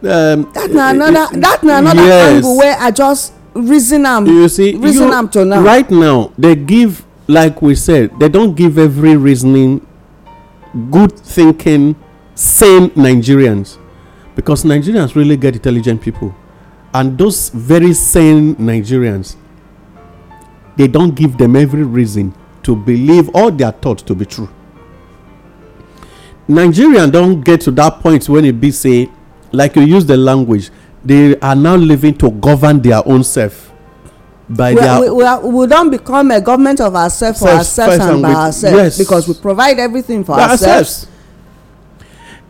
um, that na another that na another yes. angle wey i just reason am you see reason am to now right now they give like we said they don give every reasoning good thinking sane nigerians because Nigerians really get intelligent people. And those very sane Nigerians, they don't give them every reason to believe all their thoughts to be true. Nigerians don't get to that point when it be say, like you use the language, they are now living to govern their own self. By we, their we, we, are, we don't become a government of ourselves for ourselves and, and by ourselves yes. because we provide everything for ourselves. ourselves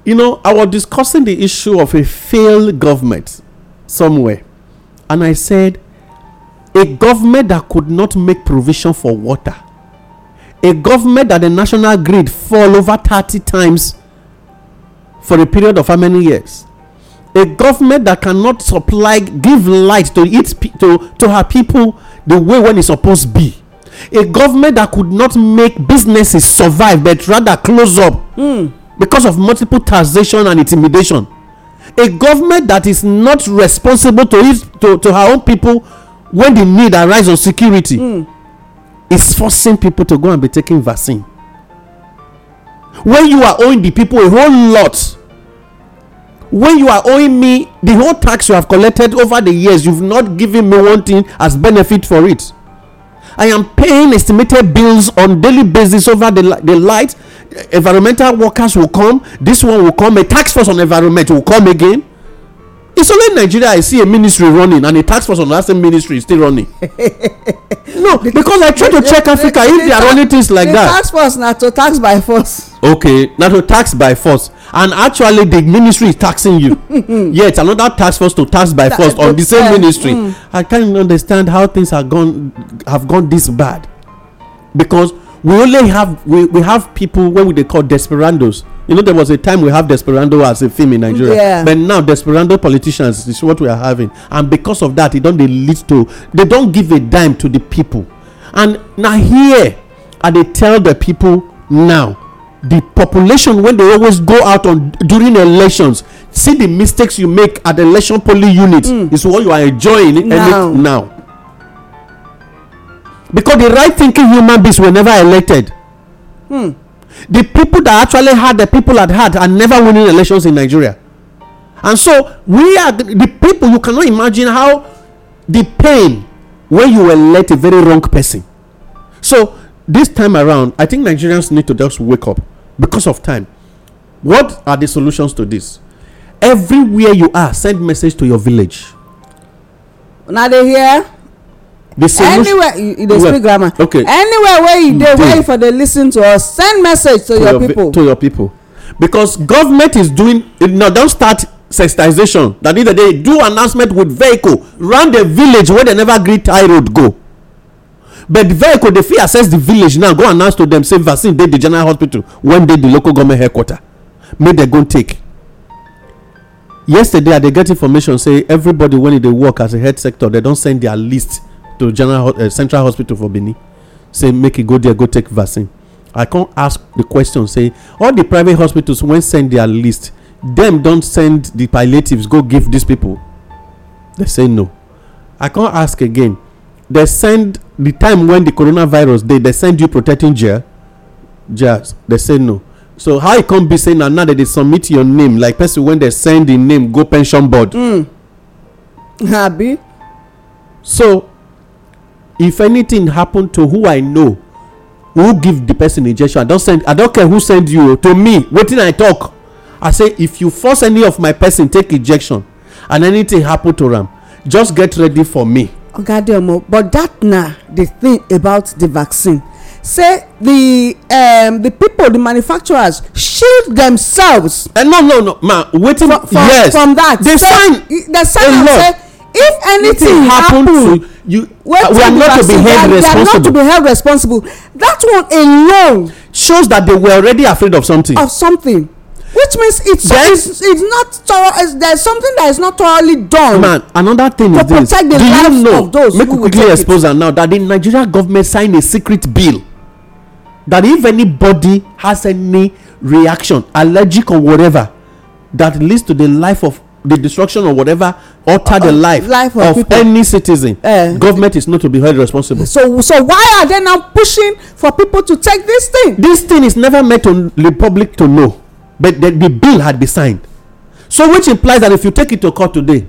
You know, I was discussing the issue of a failed government somewhere, and I said, a government that could not make provision for water, a government that the national grid fall over 30 times for a period of how many years, a government that cannot supply give light to its to to her people the way when it's supposed to be a government that could not make businesses survive but rather close up. Mm because of multiple taxation and intimidation a government that is not responsible to its to, to her own people when the need arise on security mm. is forcing people to go and be taking vaccine when you are owing the people a whole lot when you are owing me the whole tax you have collected over the years you've not given me one thing as benefit for it I am paying estimated bills on daily basis over the, the light. Environmental workers will come. This one will come. A tax force on environment will come again it's only nigeria i see a ministry running and a tax force on that same ministry still running *laughs* no because i try to check africa if they are running things like that Tax force na to tax by force okay na to tax by force and actually the ministry is taxing you *laughs* yet another tax force to tax by force on the same ministry mm. i can't understand how things have gone have gone this bad because we only have we, we have people what would they call desperados you know there was a time we have desperando as a theme in nigeria yeah. but now desperando politicians is what we are having and because of that it don't they lead to they don't give a dime to the people and now here and they tell the people now the population when they always go out on during elections see the mistakes you make at election polling unit mm. is what you are enjoying now. now because the right thinking human beings were never elected hmm. the people that actually had the people at heart are never winning elections in nigeria and so we are the people you cannot imagine how the pain when you elect a very wrong person so this time around i think nigerians need to just wake up because of time what are the solutions to this everywhere you are send message to your village una dey here? the same anywhere they dey speak grammar okay anywhere where you dey where you for dey listen to us send message to your people to your people because government is doing now don start sensitization that either they do announcement with vehicle round the village wey they never gree tie road go but the vehicle dey fit access the village now go announce to them say vaccine dey the general hospital wen dey the local government headquarter make dem go take yesterday i dey get information say everybody wen e dey work as a health sector dem don send their list to general uh, central hospital for benin say make e go there go take vaccine i come ask the question say all the private hospitals wen send their list dem don send the palliatives go give these people they say no i come ask again they send the time when the coronavirus dey they send you protecting gel gels they say no so how e come be say na now they dey submit your name like person wey dey send im name go pension board. Mm. *laughs* so if anything happen to who i know who give the person injection i don send i don care who send you to me wetin i talk i say if you force any of my person take injection and anything happen to am just get ready for me oga adeomo but dat na di thing about di vaccine say the um, the people the manufacturers shield themselves. Uh, no no no ma wetin yes from that they so sign they sign am say if anything happen to you uh, we are not to be held responsible they are not to be held responsible that one alone shows that they were already afraid of something of something which means it's then, it's, it's not thorough it's, there's something that is not thoroughly done man another thing is this do you know make we quickly expose am now that the nigeria government signed a secret bill that if anybody has any reaction allergic or whatever that leads to the life of the destruction or whatever alter the life, life of, of any citizen uh, government is not to be held responsible. so so why are they now pushing for people to take this thing. this thing is never meant to the public to know but the, the bill had been signed so which implies that if you take it to court today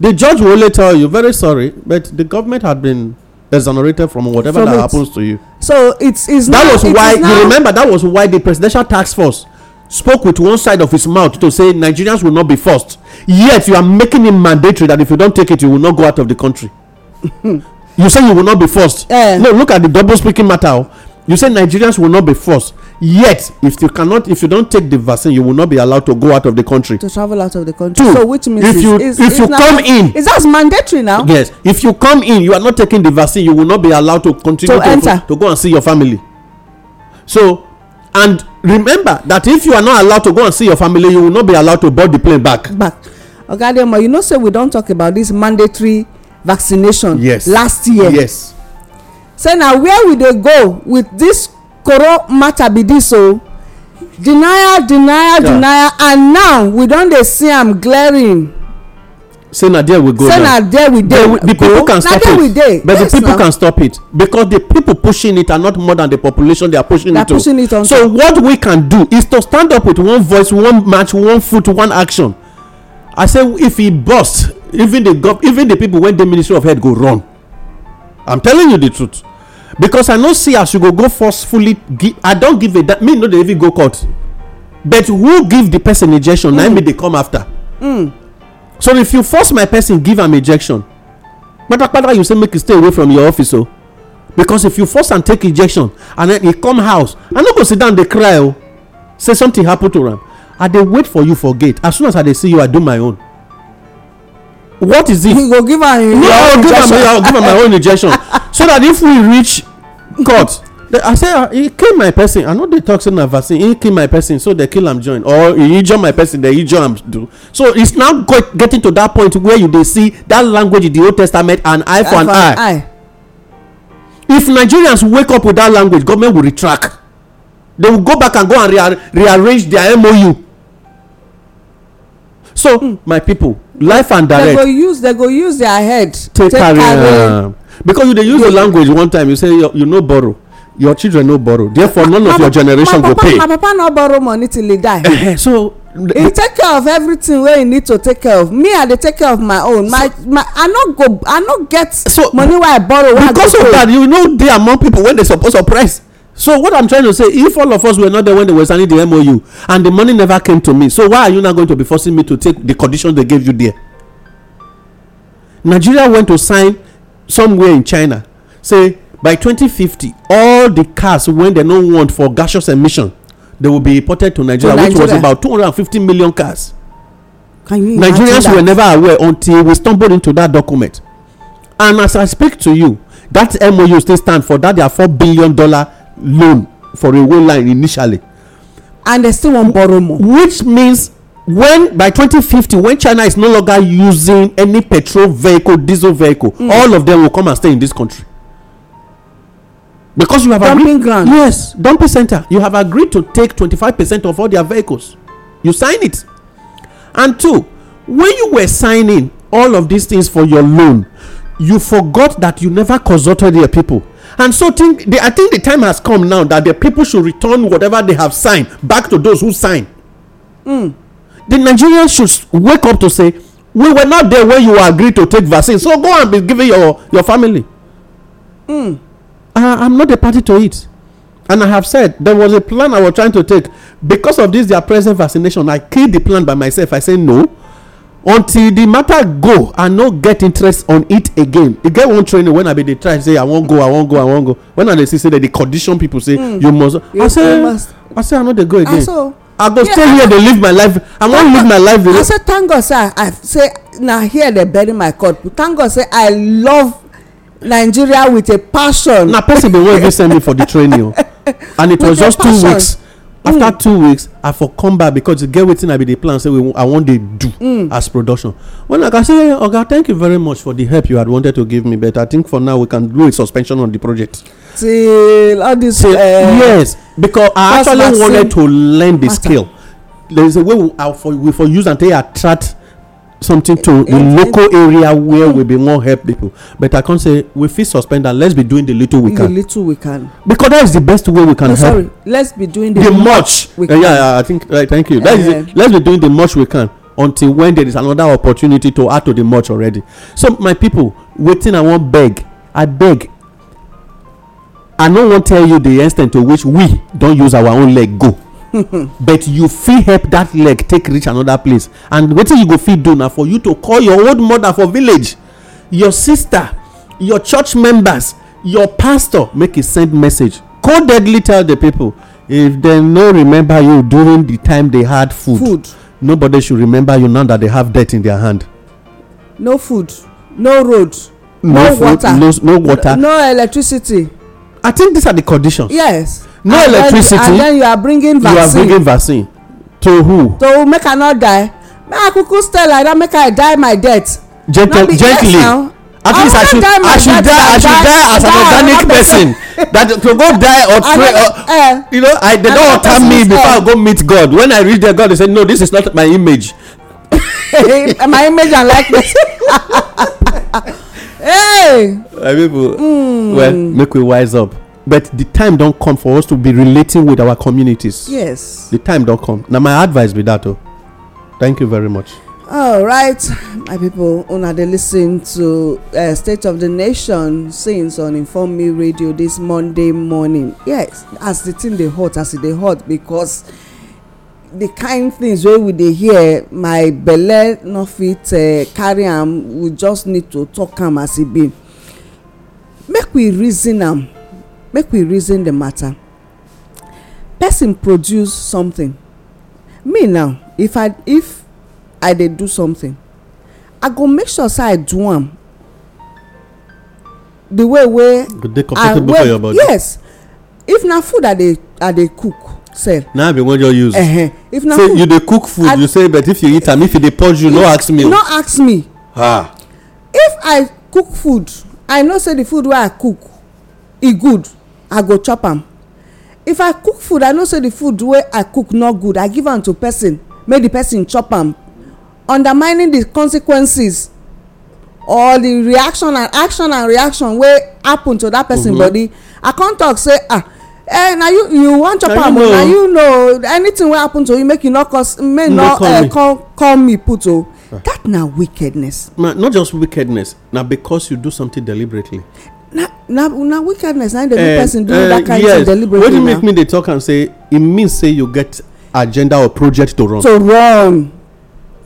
the judge will only tell you very sorry but the government had been exonerated from whatever from that it. happens to you. so it's it's that now, was it why you remember that was why the presidential task force spoke with one side of his mouth to say Nigerians will not be forced. Yet you are making it mandatory that if you don't take it, you will not go out of the country. *laughs* you say you will not be forced. Uh, no, look at the double speaking matter. Oh. You say Nigerians will not be forced. Yet, if you cannot, if you don't take the vaccine, you will not be allowed to go out of the country. To travel out of the country. Two, so which means if you is, if is you now, come in, is that mandatory now? Yes. If you come in, you are not taking the vaccine. You will not be allowed to continue to, to enter to go and see your family. So, and remember that if you are not allowed to go and see your family you will not be allowed to board the plane back. back oga adeomo you know say we don talk about this mandatory vaccination. yes last year. yes say na where we dey go with this koro matter be this o oh? denial denial yeah. denial and now we don dey see am glaring say na there we go say na there we dey go the people can stop it but the people can stop it because the people pushing it are not more than the population they are pushing it to it so what we can do is to stand up with one voice one match one foot one action i say if e burst even the gov even the people wey dey ministry of health go run i'm telling you the truth because i no see as you go go forcefully give i don give a me no dey even go court but who give the person injection na im hmm. be dey come after. Mm so if you force my person give am injection patapata you say make e stay away from your office o oh. because if you force am take injection and then he come house i no go sit down dey cry o oh. say something happen to am i dey wait for you for gate as soon as i dey see you i do my own what is it you go give am your own injection no give am my own injection *laughs* so that if we reach court i say uh, he kill my person i no dey talk say na vaccine He kill my person so they kill am join or he injure my person They injure am do so it's now getting to that point where you dey see that language in the old testament and eye for an eye if nigerians wake up with that language government will retract they will go back and go and rea rearrange their mou so mm. my people life and direct. they go use they go use their head take, take carry am because you dey use the language one time you say you, you no borrow your children no borrow therefore none of your generation go pay. my papa no borrow money till he die. Eh, eh, so. he eh, take care of everything wey he need to take care of me i dey take care of my own my my i no go i no get. so money wey i borrow wey i go pay. because of that you know, dey among people wey dey suppose oppress. so what i'm trying to say if all of us were not there when they were signing the mou and the money never came to me so why are you now going to be forcing me to take the conditions they gave you there. nigeria went to sign somewhere in china say by 2050 all the cars wey dem no want for gaseous emission they will be imported to nigeria which was about 250 million cars nigerians were never aware until we stumbled into that document and as i speak to you that mou still stand for dat dia four billion dollar loan for railway line initially and they still wan borrow more which means when by 2050 when china is no longer using any petrol vehicle diesel vehicle hmm. all of them will come and stay in this country because you have dumping ground yes dumping center you have agreed to take twenty-five percent of all their vehicles you sign it and two when you were signing all of these things for your loan you forgot that you never consulted their people and so think the, i think the time has come now that the people should return whatever they have signed back to those who signed mm. the nigerians should wake up to say we were not there when you agreed to take vaccine so go and be giving your your family. Mm. Uh, I'm not a party to it. And I have said there was a plan I was trying to take. Because of this, their present vaccination, I killed the plan by myself. I say no. Until the matter go I no get interest on it again. The get one training when I be the try say I won't go, I won't go, I won't go. When I they see say that the condition people say mm. you must you I say must. I say I know they go ah, again. I go stay here they live my life I wan live my life. I say thank God say I say now here they bury my corpse thank God say I love nigeria with a passion na person bin wan even send me for the training oh. *laughs* and it was just two weeks after mm. two weeks i for come back because you get wetin i be dey plan say i wan dey do mm. as production when i can say oga thank you very much for the help you had wanted to give me but i think for now we can do a suspension on the project till all this uh, yes because i actually wanted to learn the skill there is a way we for use am take attract something to the local area where we be more help people but i come say we fit suspend am let's be doing the little we can the little we can because that is the best way we can help sorry let's be doing the much we can yeah i think right thank you that is let's be doing the much we can until when there is another opportunity to add to the much already so my people wetin i wan beg i beg i no wan tell you the extent to which we don use our own leg go *laughs* but you fit help that leg take reach another place and wetin you go fit do na for you to call your old mother for village your sister your church members your pastor make e send message deadly tell the people if dem no remember you during the time they had food nobody should remember you now that they have debt in their hand no food no road no water no water no electricity i think these are the conditions yes no and electricity then, and then you are bringing vaccine you are bringing vaccine to who. to who make i no die make i kuku stay like that make i die my death. gentle gently yes at least i should i should die i should die as an organic person that to go die or *laughs* pray or eh. you know i they don alter me before i go meet god when i reach there god dey say no this is not my image. *laughs* my image and likeness. *laughs* hey. my people mm. well make we wise up but the time don come for us to be relating with our communities yes the time don come na my advice be that o oh. thank you very much All right, my pipo una dey listen to uh, state of the nation since on inform me radio this monday morning yes as the thing dey hot as e dey hot becos di kind things wey we dey hear my belle no fit uh, carry am we just need to talk am as e be make we reason am make we reason the matter person produce something me now if i if i dey do something i go make sure say i do am the way wey go dey comfortable for your body yes if na food i dey i dey cook sef na be wan you use uh -huh. if na food say you dey cook food I, you say but if you eat am if e dey purge you no ask me no ask me ah if i cook food i know say the food wey i cook e good i go chop am if i cook food i know say the food wey i cook no good i give am to person make the person chop am undermining the consequences or the reaction and action and reaction wey happen to that person mm -hmm. body i come talk say ah eh na you you wan chop am o na you know anything wey happen to you make you no cause make you no uh, eh, call me put o ah. that na wickedness. ma not just wickedness na because you do something deliberately na na wickedness na dey make eh, person eh, do that kind yes. thing deliberately na yes wetin make me dey talk am say e mean say you get agenda or project to run. to run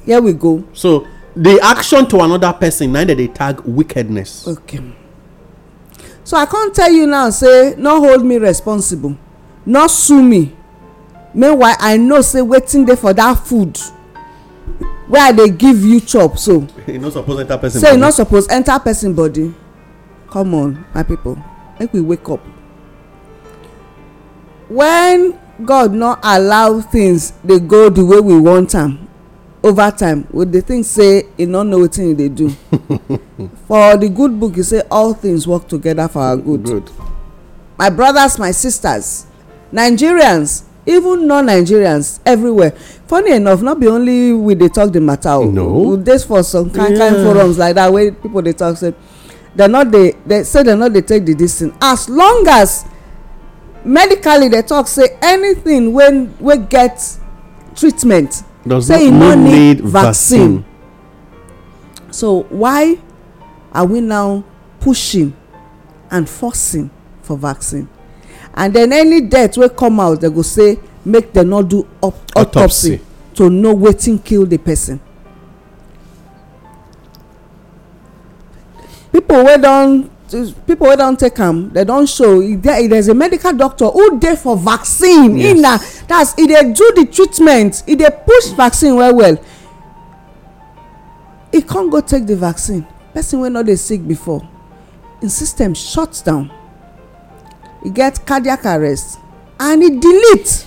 here we go. so the action to another person na dey dey tag wickedness. okay so i come tell you now say no hold me responsible no sue me meanwhile i know say wetin dey for that food wey i dey give you chop so. e no suppose enter person body. say e no suppose enter person body come on my people make we wake up when god no allow things dey go the way we want am over time we dey think say e no know wetin e dey do *laughs* for the good book e say all things work together for our good, good. my brothers my sisters nigerians even non-nigerians everywhere funny enough not be only we dey talk the matter o oh. no we dey for some kind yeah. kind forums like that wey people dey talk say dem no dey say dem no dey take the dis as long as medically they talk say anything wey get treatment say e no need vaccine so why are we now pushing and forcing for vaccine and then any death wey come out They go say make they no do autopsy to know wetin kill the person people wey don people wey don take am dem don show there is a medical doctor who dey for vaccine him na that's e dey do the treatment e dey push vaccine well well e con go take the vaccine person wey no dey sick before im system shut down e get cardiac arrest and e delete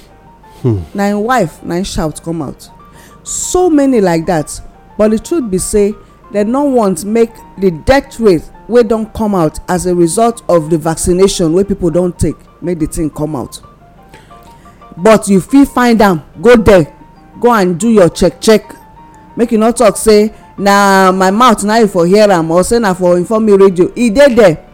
hmm. na im wife na im shout come out so many like that but the truth be say dem no want make the death rate wey don come out as a result of the vaccination wey people don take make the thing come out but you fit find am go there go and do your check check make you no talk say na my mouth na you for hear am or say na for inform me radio e dey there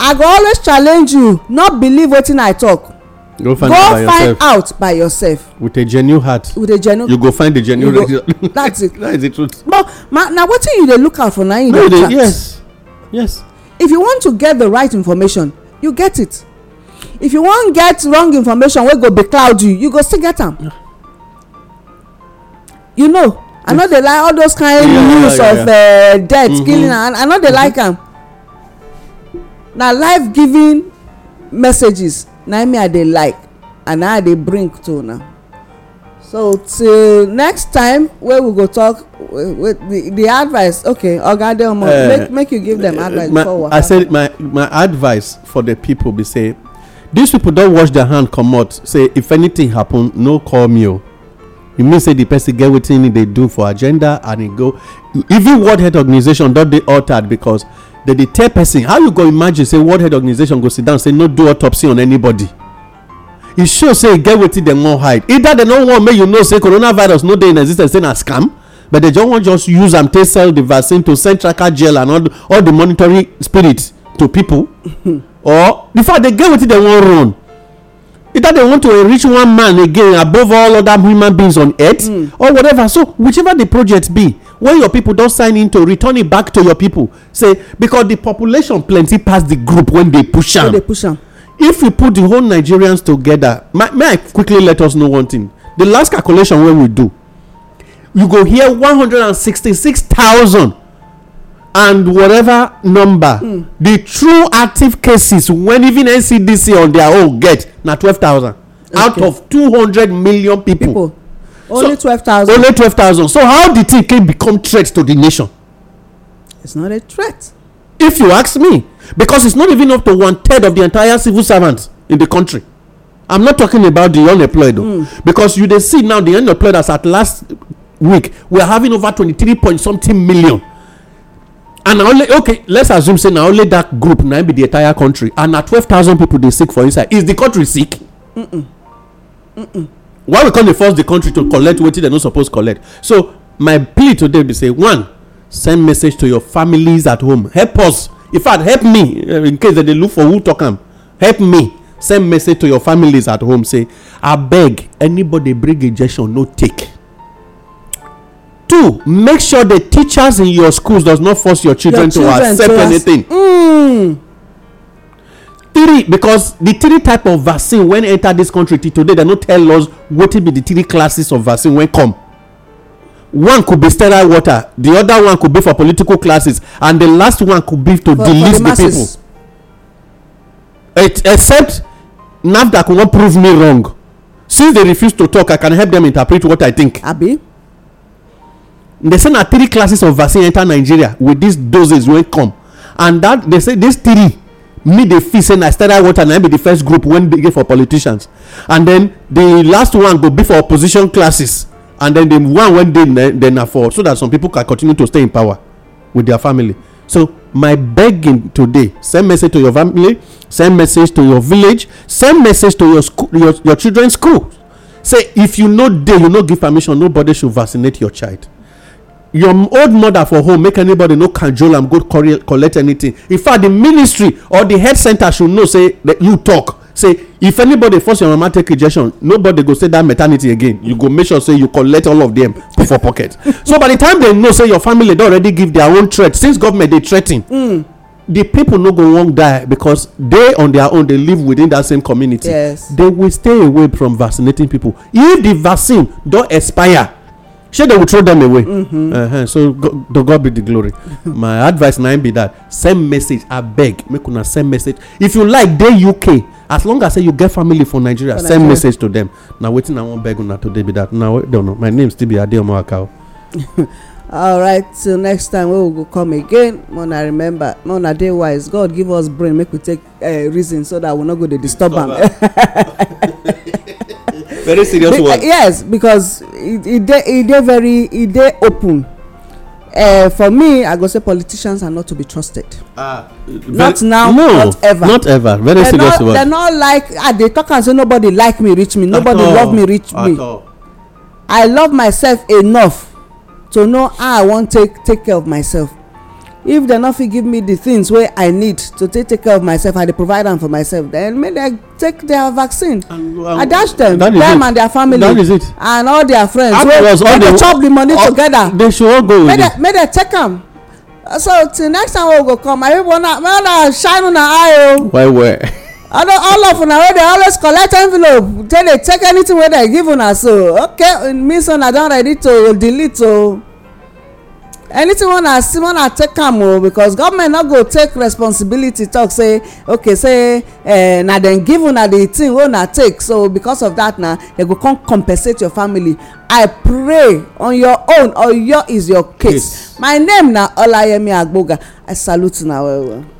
i go always challenge you not believe wetin i talk go find, go out, by find out by yourself with a genuine heart with a genuine you go find a genuine go, *laughs* that's it *laughs* that is the truth but ma, now wetin you dey look out for na in no, dey yes yes if you want to get the right information you get it if you wan get wrong information wey go be cloud you you go still get am you know i no dey like all those kind news of eh, death mm-hmm. killing and i no dey mm-hmm. like am na life giving messages na me i dey like and na i dey bring to una so till next time wey we go talk with the the advice okay oga adeomo eh, make make you give them eh, advice for waka i say my my advice for the people be say these people don wash their hand comot say if anything happen no call me o You mean say the person get wetin they do for agenda and e go even world health organization don dey altered because dem dey tell person how you go imagine say world health organization go sit down say no do autopsy on anybody e show say e get wetin dem wan hide either dem no wan make you know say coronavirus no dey in existence say na scam but dem just wan just use am take sell the vaccine to send tracker gel and all all the monitoring spirit to people, *laughs* or the fact dem get wetin dem wan run either they want to enrich one man again above all other human beings on earth mm. or whatever so whichever the project be when your people don sign in to return it back to your people say because the population plenty pass the group when they push am if we put the whole nigerians together may, may i quickly let us know one thing the last calculation wey we do you go hear one hundred and sixty-six thousand and whatever number mm. the true active cases when even ncdc on their own get na twelve thousand out of two hundred million people. people. only twelve so, thousand. only twelve thousand so how the thing can become threat to the nation. it's not a threat. if you ask me because it's not even up to one third of the entire civil servants in the country i'm not talking about the unemployed. Mm. because you dey see now the unemployed as at last week we are having over twenty-three point something million. Mm and na only okay let's assume say na only that group na be the entire country and na twelve thousand people dey sick for inside is the country sick. Mm-mm. Mm-mm. why we come dey force the country to collect wetin dem no suppose collect so my plea today be say one send message to your families at home help us in fact help me eh, in case dem dey look for who talk am help me send message to your families at home say abeg anybody bring injection no take two make sure the teachers in your schools does not force your children, your children to accept to anything mm. three because the three type of vaccine when enter this country till today they no tell us wetin be the three classes of vaccine wey come one could be sterile water the other one could be for political classes and the last one could be to for, delete the, the people it, except nafdac wan prove me wrong since they refuse to talk i can help them interpret what i think. Abi? they say na three classes of vaccine enter nigeria with these doses wey come and that they say these three me dey feel say na sterile water na be the first group wey dey for politicians and then the last one go be for opposition classes and then the one wey dey then na for so that some people can continue to stay in power with their family so my begging today send message to your family send message to your village send message to your school your, your children school say if you no dey you no give permission nobody should vaccinate your child your old mother for home make anybody no cajole am go collect anything in fact the ministry or the health center should know say you talk say if anybody force your mama take injection nobody go say that maternity again you go make sure say you collect all of them *laughs* for pocket so by the time they know say your family don already give their own threat since government dey threaten mm. the people no go wan die because they on their own dey live within that same community yes they will stay away from vaccinating people if the vaccine don expire shey dem will throw them away mm-hmm. -huh. so to god be the glory *laughs* my advice now be that send message I beg, make una send message if you like the uk as long as say you get family for nigeria send message to dem na wetin i wan beg una today be that na don't know my name still be adeomo akao *laughs* right. till next time we will come again una remember una day wise god give us brain make we take eh, reason so that we not go dey disturb am *laughs* very serious one yes because e, e, e dey very e dey open eh, for me i go say politicians are not to be trusted ah, not now no, not ever not ever very serious one dem no like i ah, dey talk am say nobody like me reach me nobody love me reach me i love myself enough to know how ah, i wan take take care of myself if dem no fit give me the things wey i need to take take care of myself i dey provide am for myself then may dem take their vaccine uh, i dash dem dem and their family and all their friends wey dey chop the money together They should all go with May dem take am so till next time wey we go come i people una make una shine una eye o. well well. all of una wey dey always collect envelope take dey take anything wey dem give una so okay mean say una don ready to delete o anything wey una see una take am o oh, because government no go take responsibility talk say okay say uh, na dem give una the thing wey una take so because of that na dem go come compensate your family i pray on your own oyo is your case yes. my name na olayemi agboga i salute una well well.